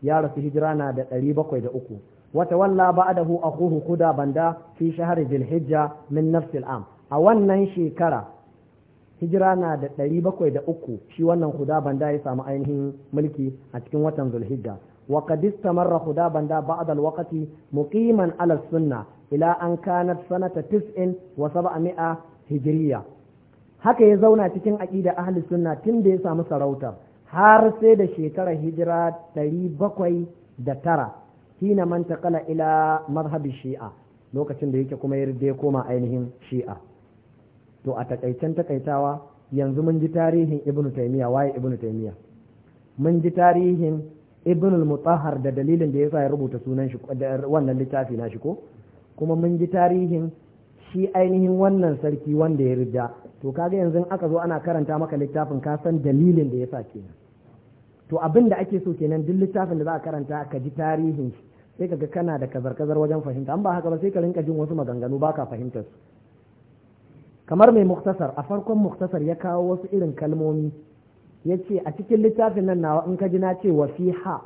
ya rasu hijira na da ɗari bakwai da uku wata walla a akuhu kuda banda fi shahar zilhijja min nafsil a wannan shekara hijira na da ɗari bakwai da uku shi wannan huda banda ya samu ainihin mulki a cikin watan zulhijja wa kadista marra huda banda ba'da wakati muƙiman ala sunna ila an kana sanata tis'in wa 700 hijriya haka ya zauna cikin aqida ahli sunna tun da ya samu sarauta har sai da shekarar hijira ɗari bakwai da tara hina man taqala ila madhhabi shi'a lokacin da yake kuma ya koma ainihin shi'a to a takaicen takaitawa yanzu mun ji tarihin ibn taymiya waye ibn taymiya mun ji tarihin ibn al-mutahhar da dalilin da yasa ya rubuta sunan shi wannan littafi na shi ko kuma mun ji tarihin shi ainihin wannan sarki wanda ya rida to kaga yanzu aka zo ana karanta maka littafin ka san dalilin da yasa kenan to abin da ake so kenan duk littafin da za a karanta ka ji tarihin shi sai kaga kana da kazar-kazar wajen fahimta an ba haka ba sai ka rinka jin wasu maganganu baka fahimtar su kamar mai muktasar a farkon muktasar ya kawo wasu irin kalmomi ya ce a cikin littafin nan nawa in ka ji na ce wa fi ha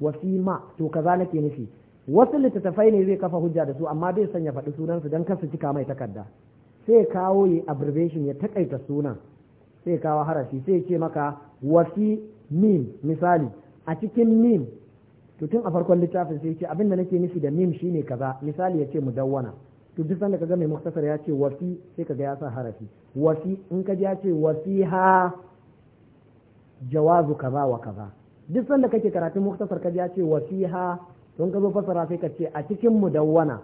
wa fi ma to kaza nake nufi wasu littattafai ne zai kafa hujja da su amma bai sanya faɗi sunansu don kar su cika mai takarda sai kawo ya abbreviation ya takaita sunan sai kawo harashi sai ya ce maka wa fi mim misali a cikin mim to tun a farkon littafin sai ce abin da nake nufi da mim shine kaza misali ya ce mudawwana to duk sanda kaga mai muktasar ya ce wasi sai kaga ya sa harafi wasi in ka ji ya ce wasiha jawazu kaza wa kaza duk sanda kake karatun muktasar ka ji ya ce wasiha don ka zo fasara sai ka ce a cikin mudawwana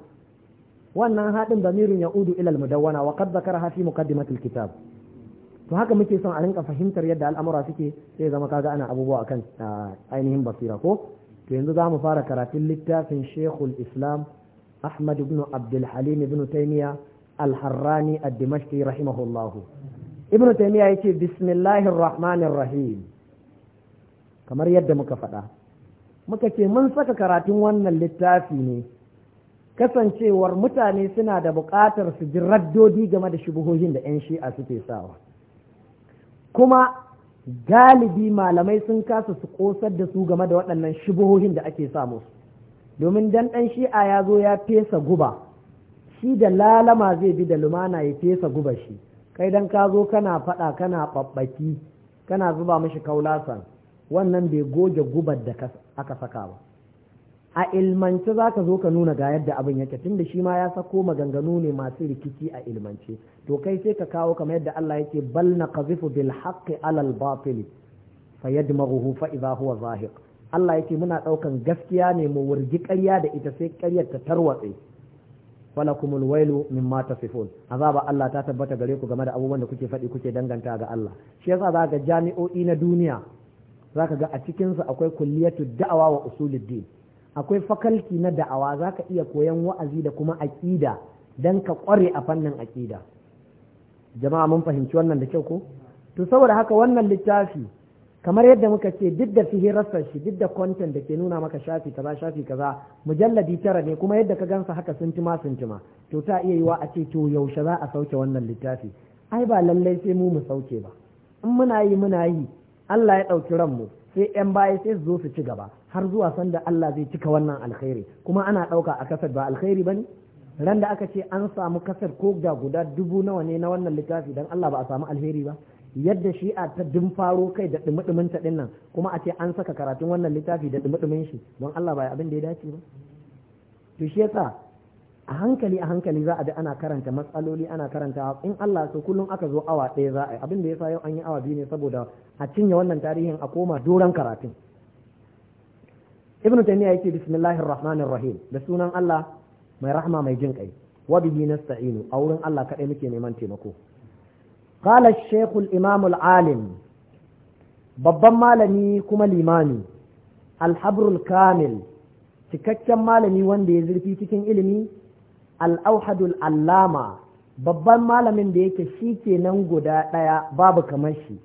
wannan haɗin damirin ya'udu udu ilal mudawwana wa qad zakara fi muqaddimatil kitab to haka muke son a rinka fahimtar yadda al'amura suke sai zama kaga ana abubuwa akan ah, ainihin basira ko to yanzu za mu fara karatun littafin Sheikhul Islam ahmad ibn abdul halim ibn taymiya al-harrani ad-dimashqi rahimahullah ibn taymiya yace bismillahir rahmanir rahim kamar yadda muka faɗa muka ce mun saka karatun wannan littafi ne kasancewar mutane suna da buƙatar su ji raddodi game da shubuhohin da 'yan shi'a suke sawa kuma galibi malamai sun kasa su ƙosar da su game da waɗannan shubuhohin da ake sa musu domin dan ɗan shi'a ya zo ya fesa guba shi da lalama zai bi da lumana ya fesa guba shi kai dan ka zo kana faɗa kana ɓaɓɓaki kana zuba mashi kaulasan wannan bai goge gubar da aka saka ba a ilmance za ka zo ka nuna ga yadda abin yake tun da shi ma ya sako maganganu ne masu rikici a ilmance to kai sai ka kawo kamar yadda Allah yake bal na qazifu bil haqqi alal batili fayadmaghuhu fa idha huwa zahiq Allah yake muna ɗaukan gaskiya ne mu wurgi ƙarya da ita sai ƙaryar ta tarwatse falakumul wailu mimma tasifun azaba Allah ta tabbata gare ku game da abubuwan da kuke faɗi kuke danganta ga Allah shi yasa za ga jami'o'i na duniya za ka ga a cikin su akwai kulliyatu da'awa wa usuluddin akwai fakalti na da'awa za ka iya koyan wa'azi da kuma aƙida dan ka ƙware a fannin aƙida jama'a mun fahimci wannan da kyau ko to saboda haka wannan littafi kamar yadda muka ce duk da sihirarsa shi duk da content da ke nuna maka shafi kaza shafi kaza mujalladi tara ne kuma yadda ka gansa haka sun cima sun cima to ta iya yiwa a ce to yaushe za a sauke wannan littafi ai ba lallai sai mu mu sauke ba in muna yi muna yi Allah ya ɗauki ranmu sai yan baya sai su zo su ci gaba har zuwa sanda Allah zai cika wannan alkhairi kuma ana ɗauka a kasar ba alkhairi ba ne ran da aka ce an samu kasar ko da guda dubu nawa ne na wannan littafi dan Allah ba a samu alheri ba yadda shi'a ta dumfaro kai da dumudumin ta ɗinnan kuma a ce an saka karatun wannan littafi da dumudumin shi don Allah ba abin da ya dace ba to shi yasa a hankali a hankali za a bi ana karanta matsaloli ana karanta in Allah so kullum aka zo awa ɗaya za a yi abin da yasa yau an yi awa biyu ne saboda a cinye wannan tarihin a koma doron karatun ibnu taymiya yake bismillahir rahmanir rahim da sunan Allah mai rahma mai jin kai wa bihi nasta'inu a wurin Allah kadai muke neman taimako qala shekul imamul alim babban malami kuma limami alhabrul kamil cikakken malami wanda ya zurfi cikin ilimi al'auhadul allama babban malamin da yake shi kenan guda ɗaya babu kamar shi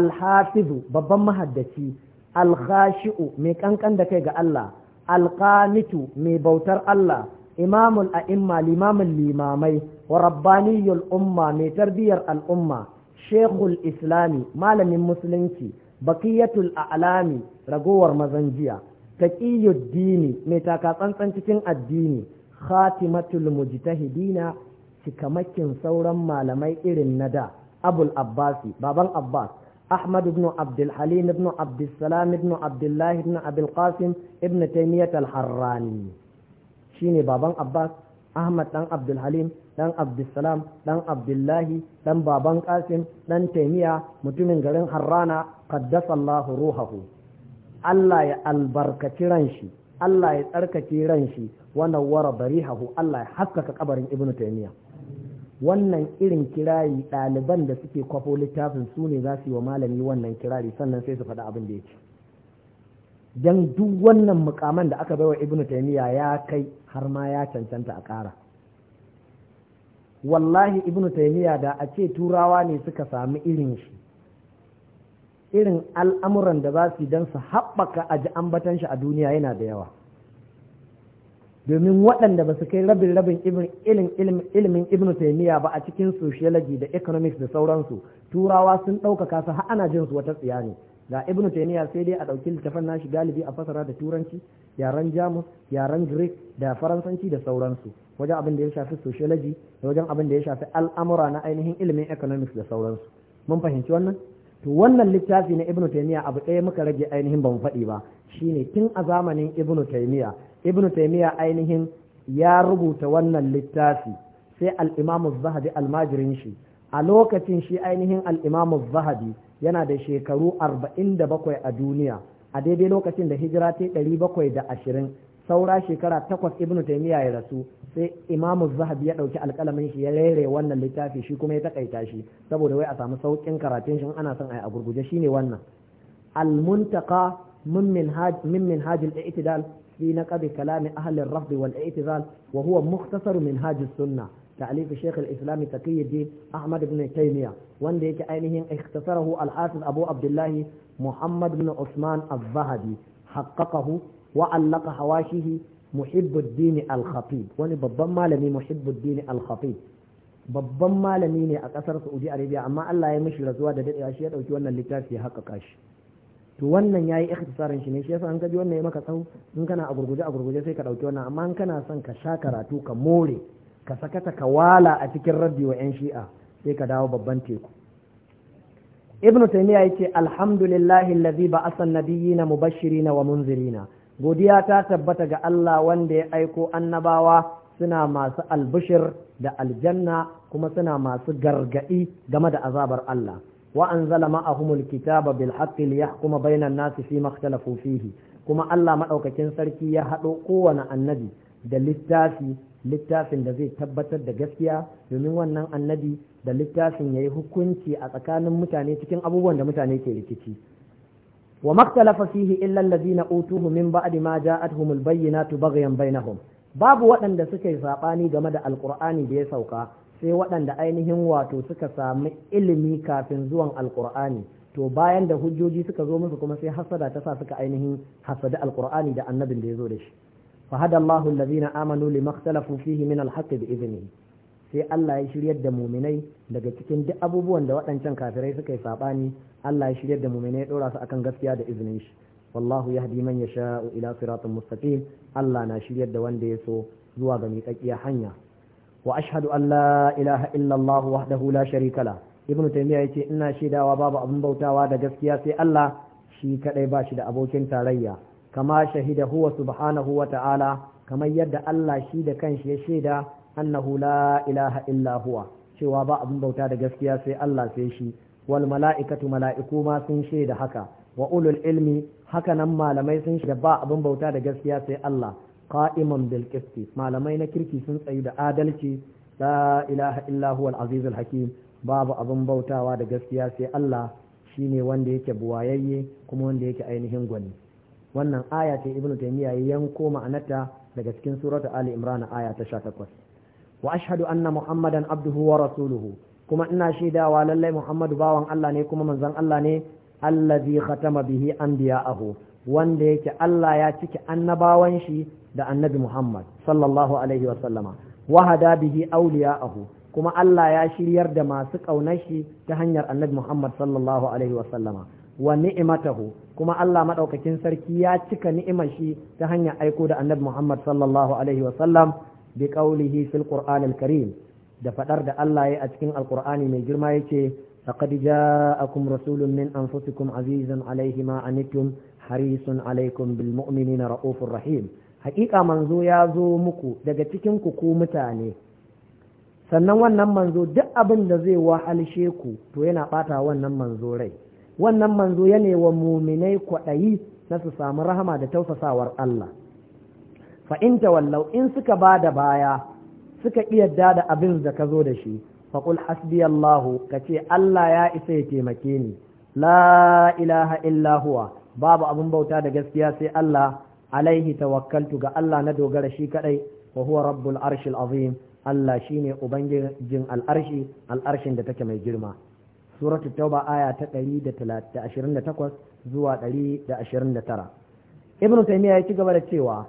alhafizu babban mahaddaci alkhashi'u mai ƙanƙan da kai ga Allah alqanitu mai bautar Allah imamul a'imma limamin limamai wa rabbaniyul umma mai tarbiyyar al'umma shekul islami malamin musulunci bakiyatul a'lami ragowar mazanjiya taqiyud dini mai tsantsan cikin addini khatimatul mujtahidina cikamakin sauran malamai irin na da abul abbasi baban abbas أحمد بن عبد الحليم بن عبد السلام بن عبد الله بن أبي القاسم ابن تيمية الحراني shine baban Abbas Ahmad ɗan Abdul ɗan dan Abdulsalam dan Abdullahi dan baban Qasim ɗan Taimiya mutumin garin Harrana qaddasallahu ruhahu Allah ya albarkaci ran shi Allah ya tsarkake ran shi wara nawwara barihahu Allah ya haskaka kabarin Ibn Taymiyyah wannan irin kirari ɗaliban da suke kwafo littafin su ne za su yi wa malami wannan kirari sannan sai su faɗi abin da ya ce dan duk wannan mukaman da aka baiwa ibnu taymiya ya kai har ma ya cancanta a ƙara wallahi ibnu taymiya da a ce turawa ne suka samu irin shi irin al'amuran da za su don su haɓaka a ji ambatan shi a duniya yana da yawa domin waɗanda ba su kai rabin rabin ilimin ibnu taymiya ba a cikin sociology da economics da sauransu turawa sun ɗaukaka su har ana jin su wata tsiya ne ga ibn taymiya sai dai a ɗauki littafin nashi galibi a fasara da turanci yaren jamus yaren greek da faransanci da sauransu wajen abin da ya shafi sociology da wajen abin da ya shafi al'amura na ainihin ilimin economics da sauransu mun fahimci wannan to wannan littafi na ibn taymiya abu ɗaya muka rage ainihin bamu faɗi ba shine tun a zamanin ibn taymiya ibn taymiya ainihin ya rubuta wannan littafi sai al zahabi almajirin shi a lokacin shi ainihin al zahabi yana da shekaru arba'in da bakwai a duniya a daidai lokacin da hijira ta ɗari bakwai da ashirin saura shekara takwas ibnu taimiyya ya rasu sai imamu zahabi ya ɗauki alƙalamin shi ya rere wannan littafi shi kuma ya takaita shi saboda wai a samu sauƙin karatun shi ana son a yi a gurguje shine wannan al-muntaka min minhaj min minhaj al-i'tidal fi naqd kalam ahli ar-rafd wal-i'tizal wa huwa mukhtasar minhaj sunnah ta'alif shaykh al-islam taqiyuddin ahmad ibn taymiya wanda yake ainihin ikhtasarahu al-hafiz abu abdullahi muhammad ibn usman az-zahabi haqqaqahu wa allaqa hawashihi muhibbuddin al-khatib wani babban malami muhibbuddin al-khatib babban malami ne a kasar saudi arabia amma allah ya mishi razuwa da dadewa shi ya dauki wannan littafi ya haƙƙaƙa shi wannan ya yi shi ne shi yasa an kaji wannan ya maka tsawo in kana a gurguje a gurguje sai ka dauki wannan amma in kana son ka sha karatu ka more ka sakata ka wala a cikin radiyo 'yan shi'a sai ka dawo babban teku ibnu taymiya yace alhamdulillahi allazi ba'asa nabiyina mubashirina wa munzirina godiya ta tabbata ga Allah wanda ya aiko annabawa suna masu albushir da aljanna kuma suna masu gargadi game da azabar Allah wa anzala ma'ahumul kitaba bil haqqi liyahkuma bainan nasi fi ikhtalafu fihi kuma Allah madaukakin sarki ya haɗo kowane annabi da littafi littafin da zai tabbatar da gaskiya domin wannan annabi da littafin ya yi hukunci a tsakanin mutane cikin abubuwan da mutane ke rikici wa maktalafa fihi illa allazina utuhu min ba'di ma ja'atuhumul bayyinatu baghyan bainahum babu waɗanda suka yi saɓani game da alƙur'ani da ya sauka sai waɗanda ainihin wato suka sami ilimi kafin zuwan alƙur'ani to bayan da hujjoji suka zo musu kuma sai hasada ta sa suka ainihin hasada alƙur'ani da annabin da ya zo da shi فهدى الله الذين آمنوا لما اختلفوا فيه من الحق بإذنه sai Allah ya shiryar da muminai daga cikin duk abubuwan da waɗancan kafirai suka yi saɓani Allah ya shiryar da muminai ɗora su akan gaskiya da izinin shi wallahu yahdi man yasha'u ila siratin mustaqim Allah na shiryar da wanda ya so zuwa ga miƙaƙƙiyar hanya wa ashhadu an la ilaha illa Allah wahdahu la sharika la ibnu taymiya yace ina shaidawa babu abin bautawa da gaskiya sai Allah shi kadai ba shi da abokin tarayya kama shahida huwa subhanahu wa ta'ala kamar yadda Allah shi da kanshi ya shaida annahu la ilaha illa huwa cewa ba abin bauta da gaskiya sai Allah sai shi wal mala'ikatu mala'iku ma sun shaida haka wa ulul ilmi haka nan malamai sun shaida ba abin bauta da gaskiya sai Allah qa'iman bil malamai na kirki sun tsayu da adalci la ilaha illa huwa al aziz al hakim babu abin bautawa da gaskiya sai Allah shine wanda yake buwayayye kuma wanda yake ainihin gwani wannan aya ce ibnu taymiya ya yanko ma'anarta daga cikin surata ali imran aya ta 18 wa ashhadu anna muhammadan abduhu wa rasuluhu kuma ina shaidawa lallai muhammadu bawan Allah ne kuma manzon Allah ne allazi khatama bihi anbiya'ahu wanda yake Allah ya cike annabawan shi da annabi Muhammad sallallahu alaihi wa sallama wahada bihi awliya'ahu kuma Allah ya shiryar da masu kaunar shi ta hanyar annabi Muhammad sallallahu alaihi wa sallama wa ni'imatahu kuma Allah madaukakin sarki ya cika ni'imar shi ta hanyar aiko da annabi Muhammad sallallahu alaihi wa sallam bi qawlihi fil qur'an karim da fadar da Allah ya a cikin alqur'ani mai girma yace laqad ja'akum rasulun min anfusikum azizun alaihi ma anittum harisun alaikum bil mu'minina raufur rahim haƙiƙa manzo ya zo muku daga cikin ku ku mutane sannan wannan manzo duk abin da zai wahalshe ku to yana ɓata wannan manzo rai wannan manzo ya ne wa muminai kwaɗayi na su samu rahama da tausasawar Allah fa'in wallau in suka ba da baya suka yadda da abin da ka zo da shi faƙul hasbi Allahu ka ce Allah ya isa ya taimake ni la ilaha illa huwa babu abin bauta da gaskiya sai Allah alaihi tawakkaltu ga Allah na dogara shi kadai wa huwa rabbul arshil azim Allah shine ubangijin al'arshi al'arshin da take mai girma suratul tauba aya ta 128 zuwa 129 ibnu taymiya ya ci gaba da cewa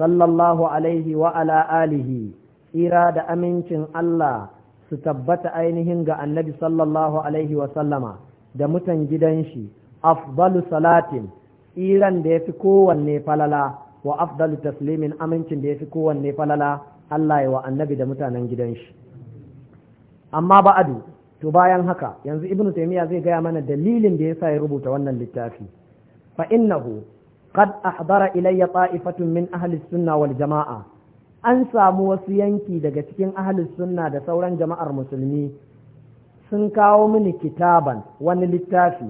sallallahu alaihi wa ala alihi ira da amincin Allah su tabbata ainihin ga annabi sallallahu alaihi wa sallama da mutan gidan shi afdalu salatin iran da ya fi kowanne falala wa afdalu taslimin amincin da ya fi kowanne falala Allah ya wa annabi da mutanen gidan shi amma ba'adu to bayan haka yanzu ibnu taymiya zai gaya mana dalilin da yasa ya rubuta wannan littafi fa innahu qad ahdara ilayya ta'ifatun min ahli sunna wal jama'a an samu wasu yanki daga cikin ahli sunna da sauran jama'ar musulmi sun kawo mini kitaban wani littafi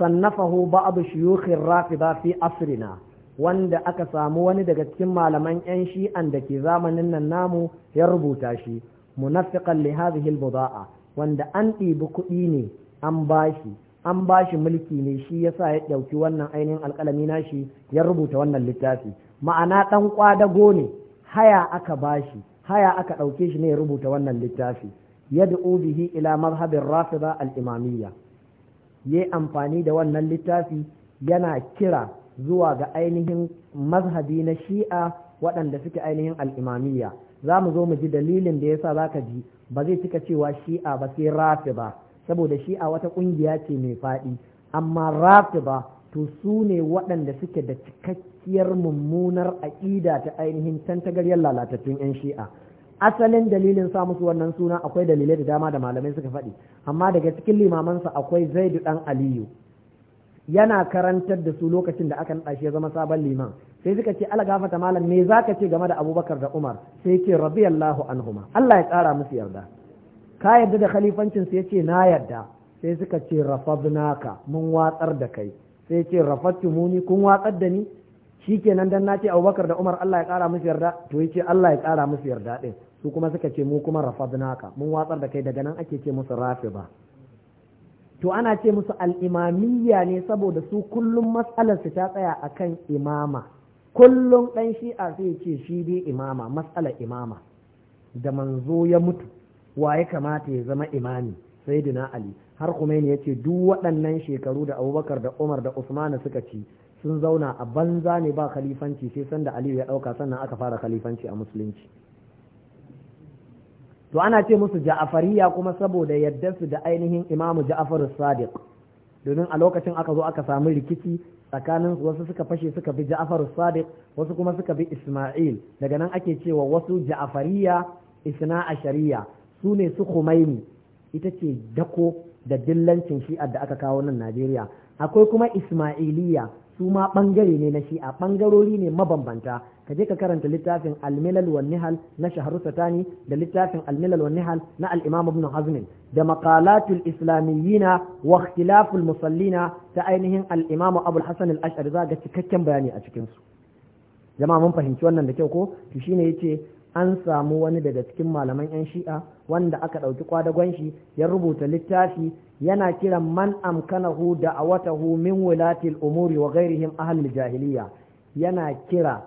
sannafahu ba'd shuyukhir rafida fi asrina wanda aka samu wani daga cikin malaman yan shi'an da ke zamanin nan namu ya rubuta shi munafiqan li hadhihi al-buda'a wanda an ɗibi kuɗi ne an bashi an bashi mulki ne shi yasa ya ɗauki wannan ainihin alƙalami nashi ya rubuta wannan littafi ma'ana ɗan ƙwadago ne haya aka bashi haya aka ɗauke shi ne ya rubuta wannan littafi Ya yad'u bihi ila mazhabin rafida al'imamiyya ya ya amfani da wannan littafi yana kira zuwa ga ainihin mazhabi na shi'a waɗanda suke ainihin al'imamiyya za mu zo mu ji dalilin da ya sa za ka ji ba zai cika cewa shi'a ba sai rafi ba saboda shi'a wata ƙungiya ce mai faɗi amma rafi ba to su ne waɗanda suke da cikakkiyar mummunar aƙida ta ainihin tantagaryar lalatattun 'yan shi'a asalin dalilin sa musu wannan suna akwai dalilai da dama da malamai suka faɗi amma daga cikin limamansa akwai zaidu ɗan aliyu yana karantar da su lokacin da aka naɗa ya zama sabon liman sai suka ce ala gafata malam me zaka ce game da abubakar da umar sai ce radiyallahu anhuma Allah ya tsara musu yarda ka yarda da khalifancin sai ce na yarda sai suka ce rafadnaka mun watsar da kai sai ce muni kun watsar da ni shikenan dan nace abubakar da umar Allah ya tsara musu yarda to yace Allah ya tsara musu yarda din su kuma suka ce mu kuma rafadnaka mun watsar da kai daga nan ake ce musu rafi ba to ana ce musu al'imamiyya ne saboda su kullum matsalarsu ta tsaya akan imama kullum ɗan shi'a sai ce shi dai imama matsalar imama da manzo ya mutu wa ya kamata ya zama imami sai ali har ne ya ce duk waɗannan shekaru da abubakar da umar da usmanu suka ci sun zauna a banza ne ba khalifanci sai sanda aliyu ya ɗauka sannan aka fara khalifanci a musulunci to ana ce musu ja'afariya kuma saboda yadda su da ainihin imamu ja'afar sadiq domin a lokacin aka zo aka samu rikici tsakanin wasu suka fashe suka bi ja'afar sadiq wasu kuma suka bi isma'il daga nan ake cewa wasu ja'afariya isna ashariya su ne su khumaini ita ce dako da dillancin shi'ar da aka kawo nan najeriya akwai kuma isma'iliya su ma ɓangare ne na shi'a ɓangarori ne mabambanta ka je ka karanta littafin al-milal nihal na shahru satani da littafin al-milal nihal na al-imam ibn hazm da maqalatul islamiyyina wa ikhtilaful musallina ta ainihin al-imam abul hasan al-ash'ari za ga cikakken bayani a cikin su jama'a mun fahimci wannan da kyau ko to shine yace an samu wani daga cikin malaman 'yan shi'a wanda aka ɗauki kwadagon shi ya rubuta littafi yana kiran man amkanahu da a awatahu min wulatil umuri wa gairihim ahalin jahiliya yana kira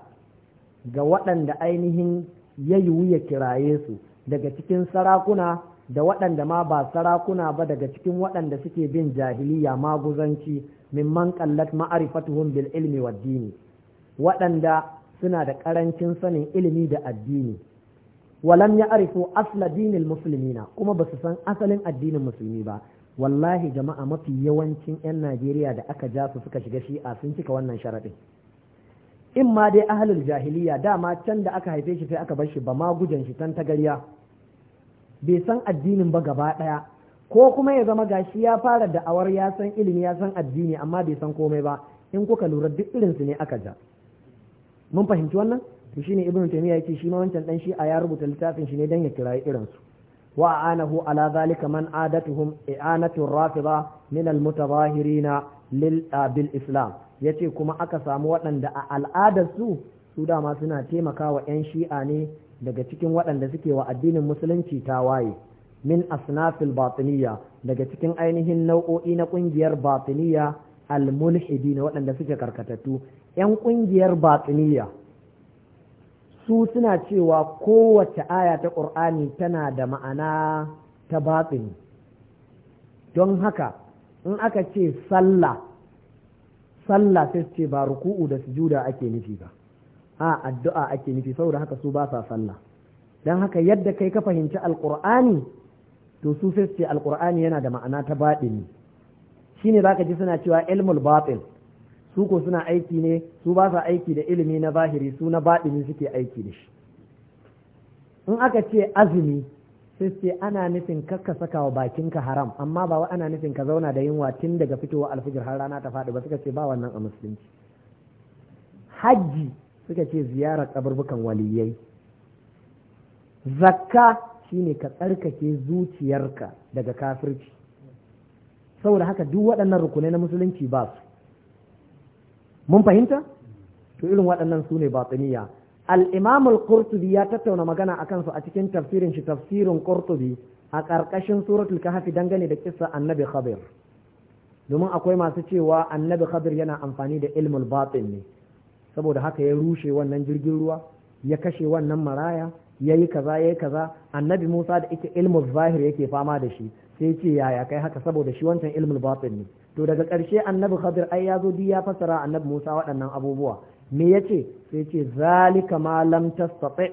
ga waɗanda ainihin ya yiwu ya kiraye su daga cikin sarakuna da waɗanda ma ba sarakuna ba daga cikin waɗanda suke bin jahiliya maguzanci min mimman kallat ma'arifatuhum bil ilmi waddini dini waɗanda suna da ƙarancin sanin ilimi da addini walam ya arifu asla musulmi musulmina kuma ba su san asalin addinin musulmi ba wallahi jama'a mafi yawancin 'yan najeriya da aka ja su suka shiga shi'a sun cika wannan sharaɗin in ma dai ahalul jahiliya dama can da aka haife shi sai aka bar shi ba ma gujen shi tan tagarya bai san addinin ba gaba ɗaya ko kuma ya zama gashi ya fara da'awar ya san ilimi ya san addini amma bai san komai ba in kuka lura duk irinsu ne aka ja mun fahimci wannan to shine ibn taymiya yake shi ma wancan dan shi'a ya rubuta littafin shi ne dan ya kirayi irin su wa anahu ala zalika man adatuhum i'anatu rafida min al mutabahirina lil bil islam yace kuma aka samu waɗanda a al'adar su su dama suna taimakawa yan shi'a ne daga cikin waɗanda suke wa addinin musulunci tawaye min asnafil batiniya daga cikin ainihin nau'o'i na ƙungiyar batiniya almulhidi na waɗanda suke karkatattu 'yan ƙungiyar batiniya su suna cewa kowace aya ta ƙur'ani tana da ma'ana ta batini don haka in aka ce sallah sallah sai su ce ba ruku'u da sujuda ake nufi ba a addu'a ake nufi saboda haka su ba sa sallah don haka yadda kai ka fahimci alƙur'ani to su sai su ce alƙur'ani yana da ma'ana ta batini shine zaka ji suna cewa ilmul batil su ko suna aiki ne su ba sa aiki da ilimi na zahiri su na baɗini suke aiki da shi in aka ce azumi sai ce ana nufin kaka saka wa bakinka haram amma ba ana nufin ka zauna da yunwa tun daga fitowa alfijir har rana ta faɗi ba suka ce ba wannan a musulunci hajji suka ce ziyarar kaburbukan waliyai zakka shine ka tsarkake zuciyarka daga kafirci saboda haka duk waɗannan rukunai na musulunci ba su mun fahimta to irin waɗannan su ne batiniya al-imam al-qurtubi ya tattauna magana akan su a cikin tafsirin shi tafsirin qurtubi a ƙarƙashin suratul kahfi dangane da kissa annabi khabir domin akwai masu cewa annabi khabir yana amfani da ilmul batin ne saboda haka ya rushe wannan jirgin ruwa ya kashe wannan maraya ya yi kaza ya yi kaza annabi musa da ita ilmul zahir yake fama da shi sai ce yaya kai haka saboda shi wancan ilmul batin ne to daga ƙarshe annabi khadir ai ya zo ya fasara annabi musa waɗannan abubuwa me ya ce? sai ce zalika ma lam tastati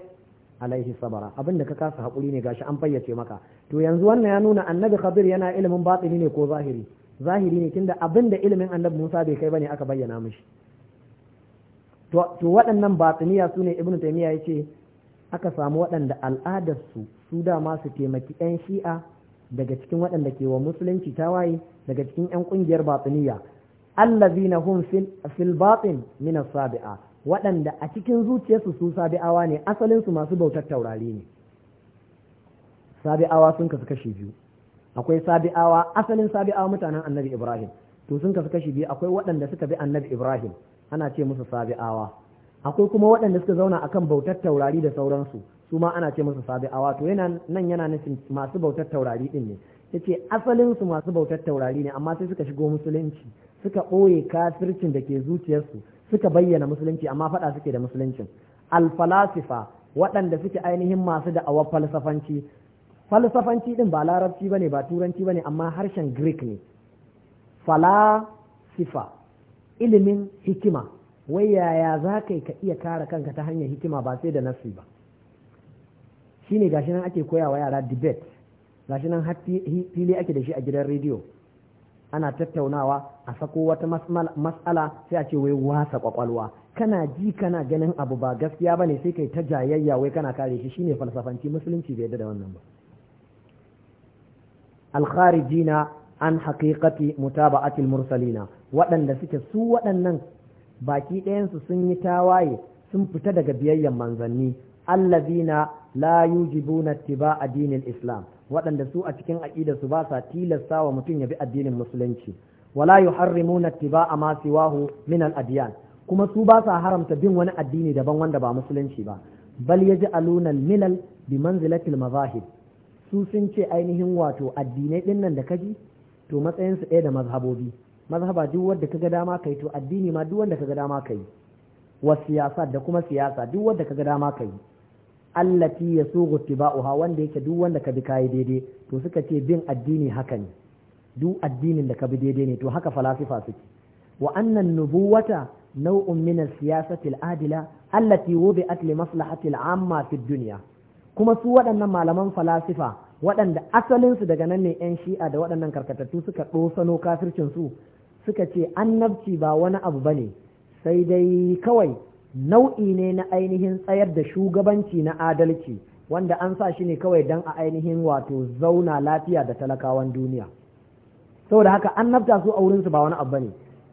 alaihi sabara abinda ka kasa hakuri ne gashi an fayyace maka to yanzu wannan ya nuna annabi khadir yana ilimin batini ne ko zahiri zahiri ne tunda abinda ilimin annabi musa bai kai bane aka bayyana mishi to to waɗannan batiniya sune ibnu taymiya yace aka samu waɗanda al'adarsu su dama su taimaki 'yan shi'a daga cikin waɗanda ke wa musulunci tawaye daga cikin 'yan ƙungiyar batiniya allazina hum fil batin min as-sabi'a waɗanda a cikin zuciyarsu su sabi'awa ne asalin su masu bautar taurari ne sabi'awa sun kasu kashi biyu akwai sabi'awa asalin sabi'awa mutanen annabi ibrahim to sun kasu kashi biyu akwai waɗanda suka bi annabi ibrahim ana ce musu sabi'awa akwai kuma waɗanda suka zauna akan bautar taurari da sauransu su ma ana ce musu a wato yana nan yana nufin masu bautar taurari din ne yace asalin su masu bautar taurari ne amma sai suka shigo musulunci suka ɓoye kafircin da ke zuciyarsu suka bayyana musulunci amma faɗa suke da musuluncin alfalasifa waɗanda suke ainihin masu da awa falsafanci falsafanci din ba larabci bane ba turanci bane amma harshen greek ne falasifa ilimin hikima wai yaya za ka iya kare kanka ta hanyar hikima ba sai da nasi ba shine gashi nan ake koyawa yara debate gashi nan fili ake da shi a gidan rediyo ana tattaunawa a sako wata matsala sai a ce wai wasa kwakwalwa kana ji kana ganin abu ba gaskiya ba ne sai kai ta jayayya wai kana kare shi shine falsafanci musulunci bai da wannan ba alkharijina an haqiqati mutaba'ati mursalina waɗanda suke su waɗannan baki ɗayansu sun yi tawaye sun fita daga biyayyan manzanni allazina la yujibuna tiba addinin islam waɗanda su a cikin aƙidarsu ba sa tilasta wa mutum ya bi addinin musulunci wala yuharrimuna tiba a ma siwahu min al-adyan kuma su ba sa haramta bin wani addini daban wanda ba musulunci ba bal yaj'aluna al-milal bi manzilatil al-mazahib su sun ce ainihin wato addinai din nan da kaji to matsayin su ɗaya da mazhabobi mazhaba duk wanda kaga dama kai to addini ma duk wanda kaga dama kai wa siyasa da kuma siyasa duk wanda kaga dama kai allati yasughu tibauha wanda yake duk wanda ka bi kai daidai to suka ce bin addini haka ne duk addinin da ka bi daidai ne to haka falasifa suke wa annan nubuwata nau'un min as-siyasati al-adila allati wubi'at li maslahati al-amma fi dunya kuma su waɗannan malaman falasifa waɗanda asalinsu daga nan ne 'yan shi'a da waɗannan karkatattu suka ɗosano kafircinsu suka ce annabci ba wani abu ba ne sai dai kawai nau'i ne na ainihin tsayar da shugabanci na adalci wanda an sa shi ne kawai don a ainihin wato zauna lafiya da talakawan duniya saboda haka an nafta su a wurinsu ba wani abu ne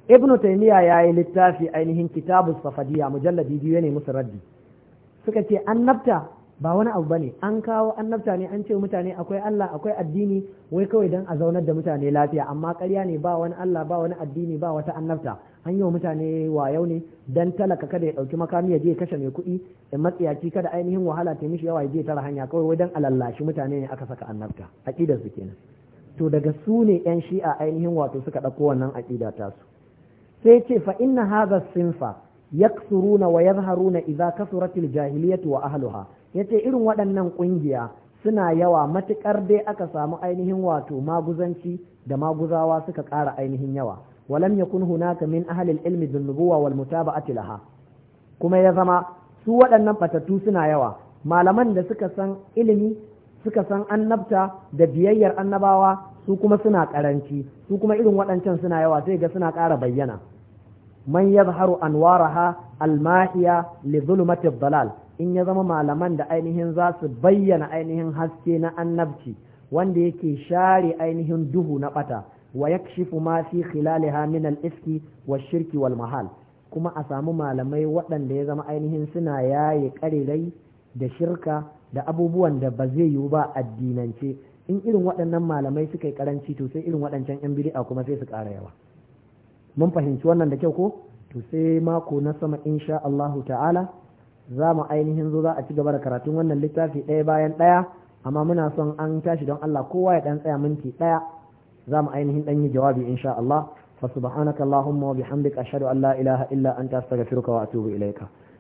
ibnu taymiya ya yi littafi ainihin kitabus safadiya mujalladi biyu ne musu raddi suka ce an nafta ba wani abu bane an kawo annabta ne an ce mutane akwai Allah akwai addini wai kawai dan a zaunar da mutane lafiya amma ƙarya ne ba wani Allah ba wani addini ba wata annabta an yi wa mutane wayau ne dan talaka kada ya ɗauki makami ya je kashe mai kuɗi ya matsiyaci kada ainihin wahala ta mishi yawa ya je tara hanya kawai wai dan alallashi mutane ne aka saka annabta aqidar su kenan to daga su ne yan shi'a ainihin wato suka ɗauko wannan aqida ta su sai ce fa inna hadha sinfa yaksuruna wa yazharuna idza kasuratil jahiliyatu wa ahluha yace irin waɗannan ƙungiya suna yawa matuƙar dai aka samu ainihin wato maguzanci da maguzawa suka ƙara ainihin yawa walam yakun hunaka min ahli ilmi bin nubuwa wal mutaba'ati laha kuma ya zama su waɗannan fatattu suna yawa malaman da suka san ilimi suka san annabta da biyayyar annabawa su kuma suna ƙaranci su kuma irin waɗancan suna yawa sai ga suna ƙara bayyana man yadhharu anwaraha almahiya li zulmati dalal in ya zama malaman da ainihin za su bayyana ainihin haske na annabci wanda yake share ainihin duhu na bata wa yakshifu ma fi khilaliha min al-ifki wash-shirki wal-mahal kuma a samu malamai waɗanda ya zama ainihin suna yaye ƙarerai da shirka da abubuwan da ba zai yiwu ba addinance in irin waɗannan malamai suka yi karanci to sai irin waɗancan 'yan bid'a kuma sai su ƙara yawa mun fahimci wannan da kyau ko to sai mako na sama insha Allahu ta'ala za mu ainihin zo za a ci gaba da karatun wannan littafi ɗaya bayan ɗaya amma muna son an tashi don Allah kowa ya ɗan tsaya minti ɗaya za mu ainihin ɗan yi jawabi insha Allah fa subhanaka Allahumma wa bihamdika ashhadu an la ilaha illa anta astaghfiruka wa atubu ilayka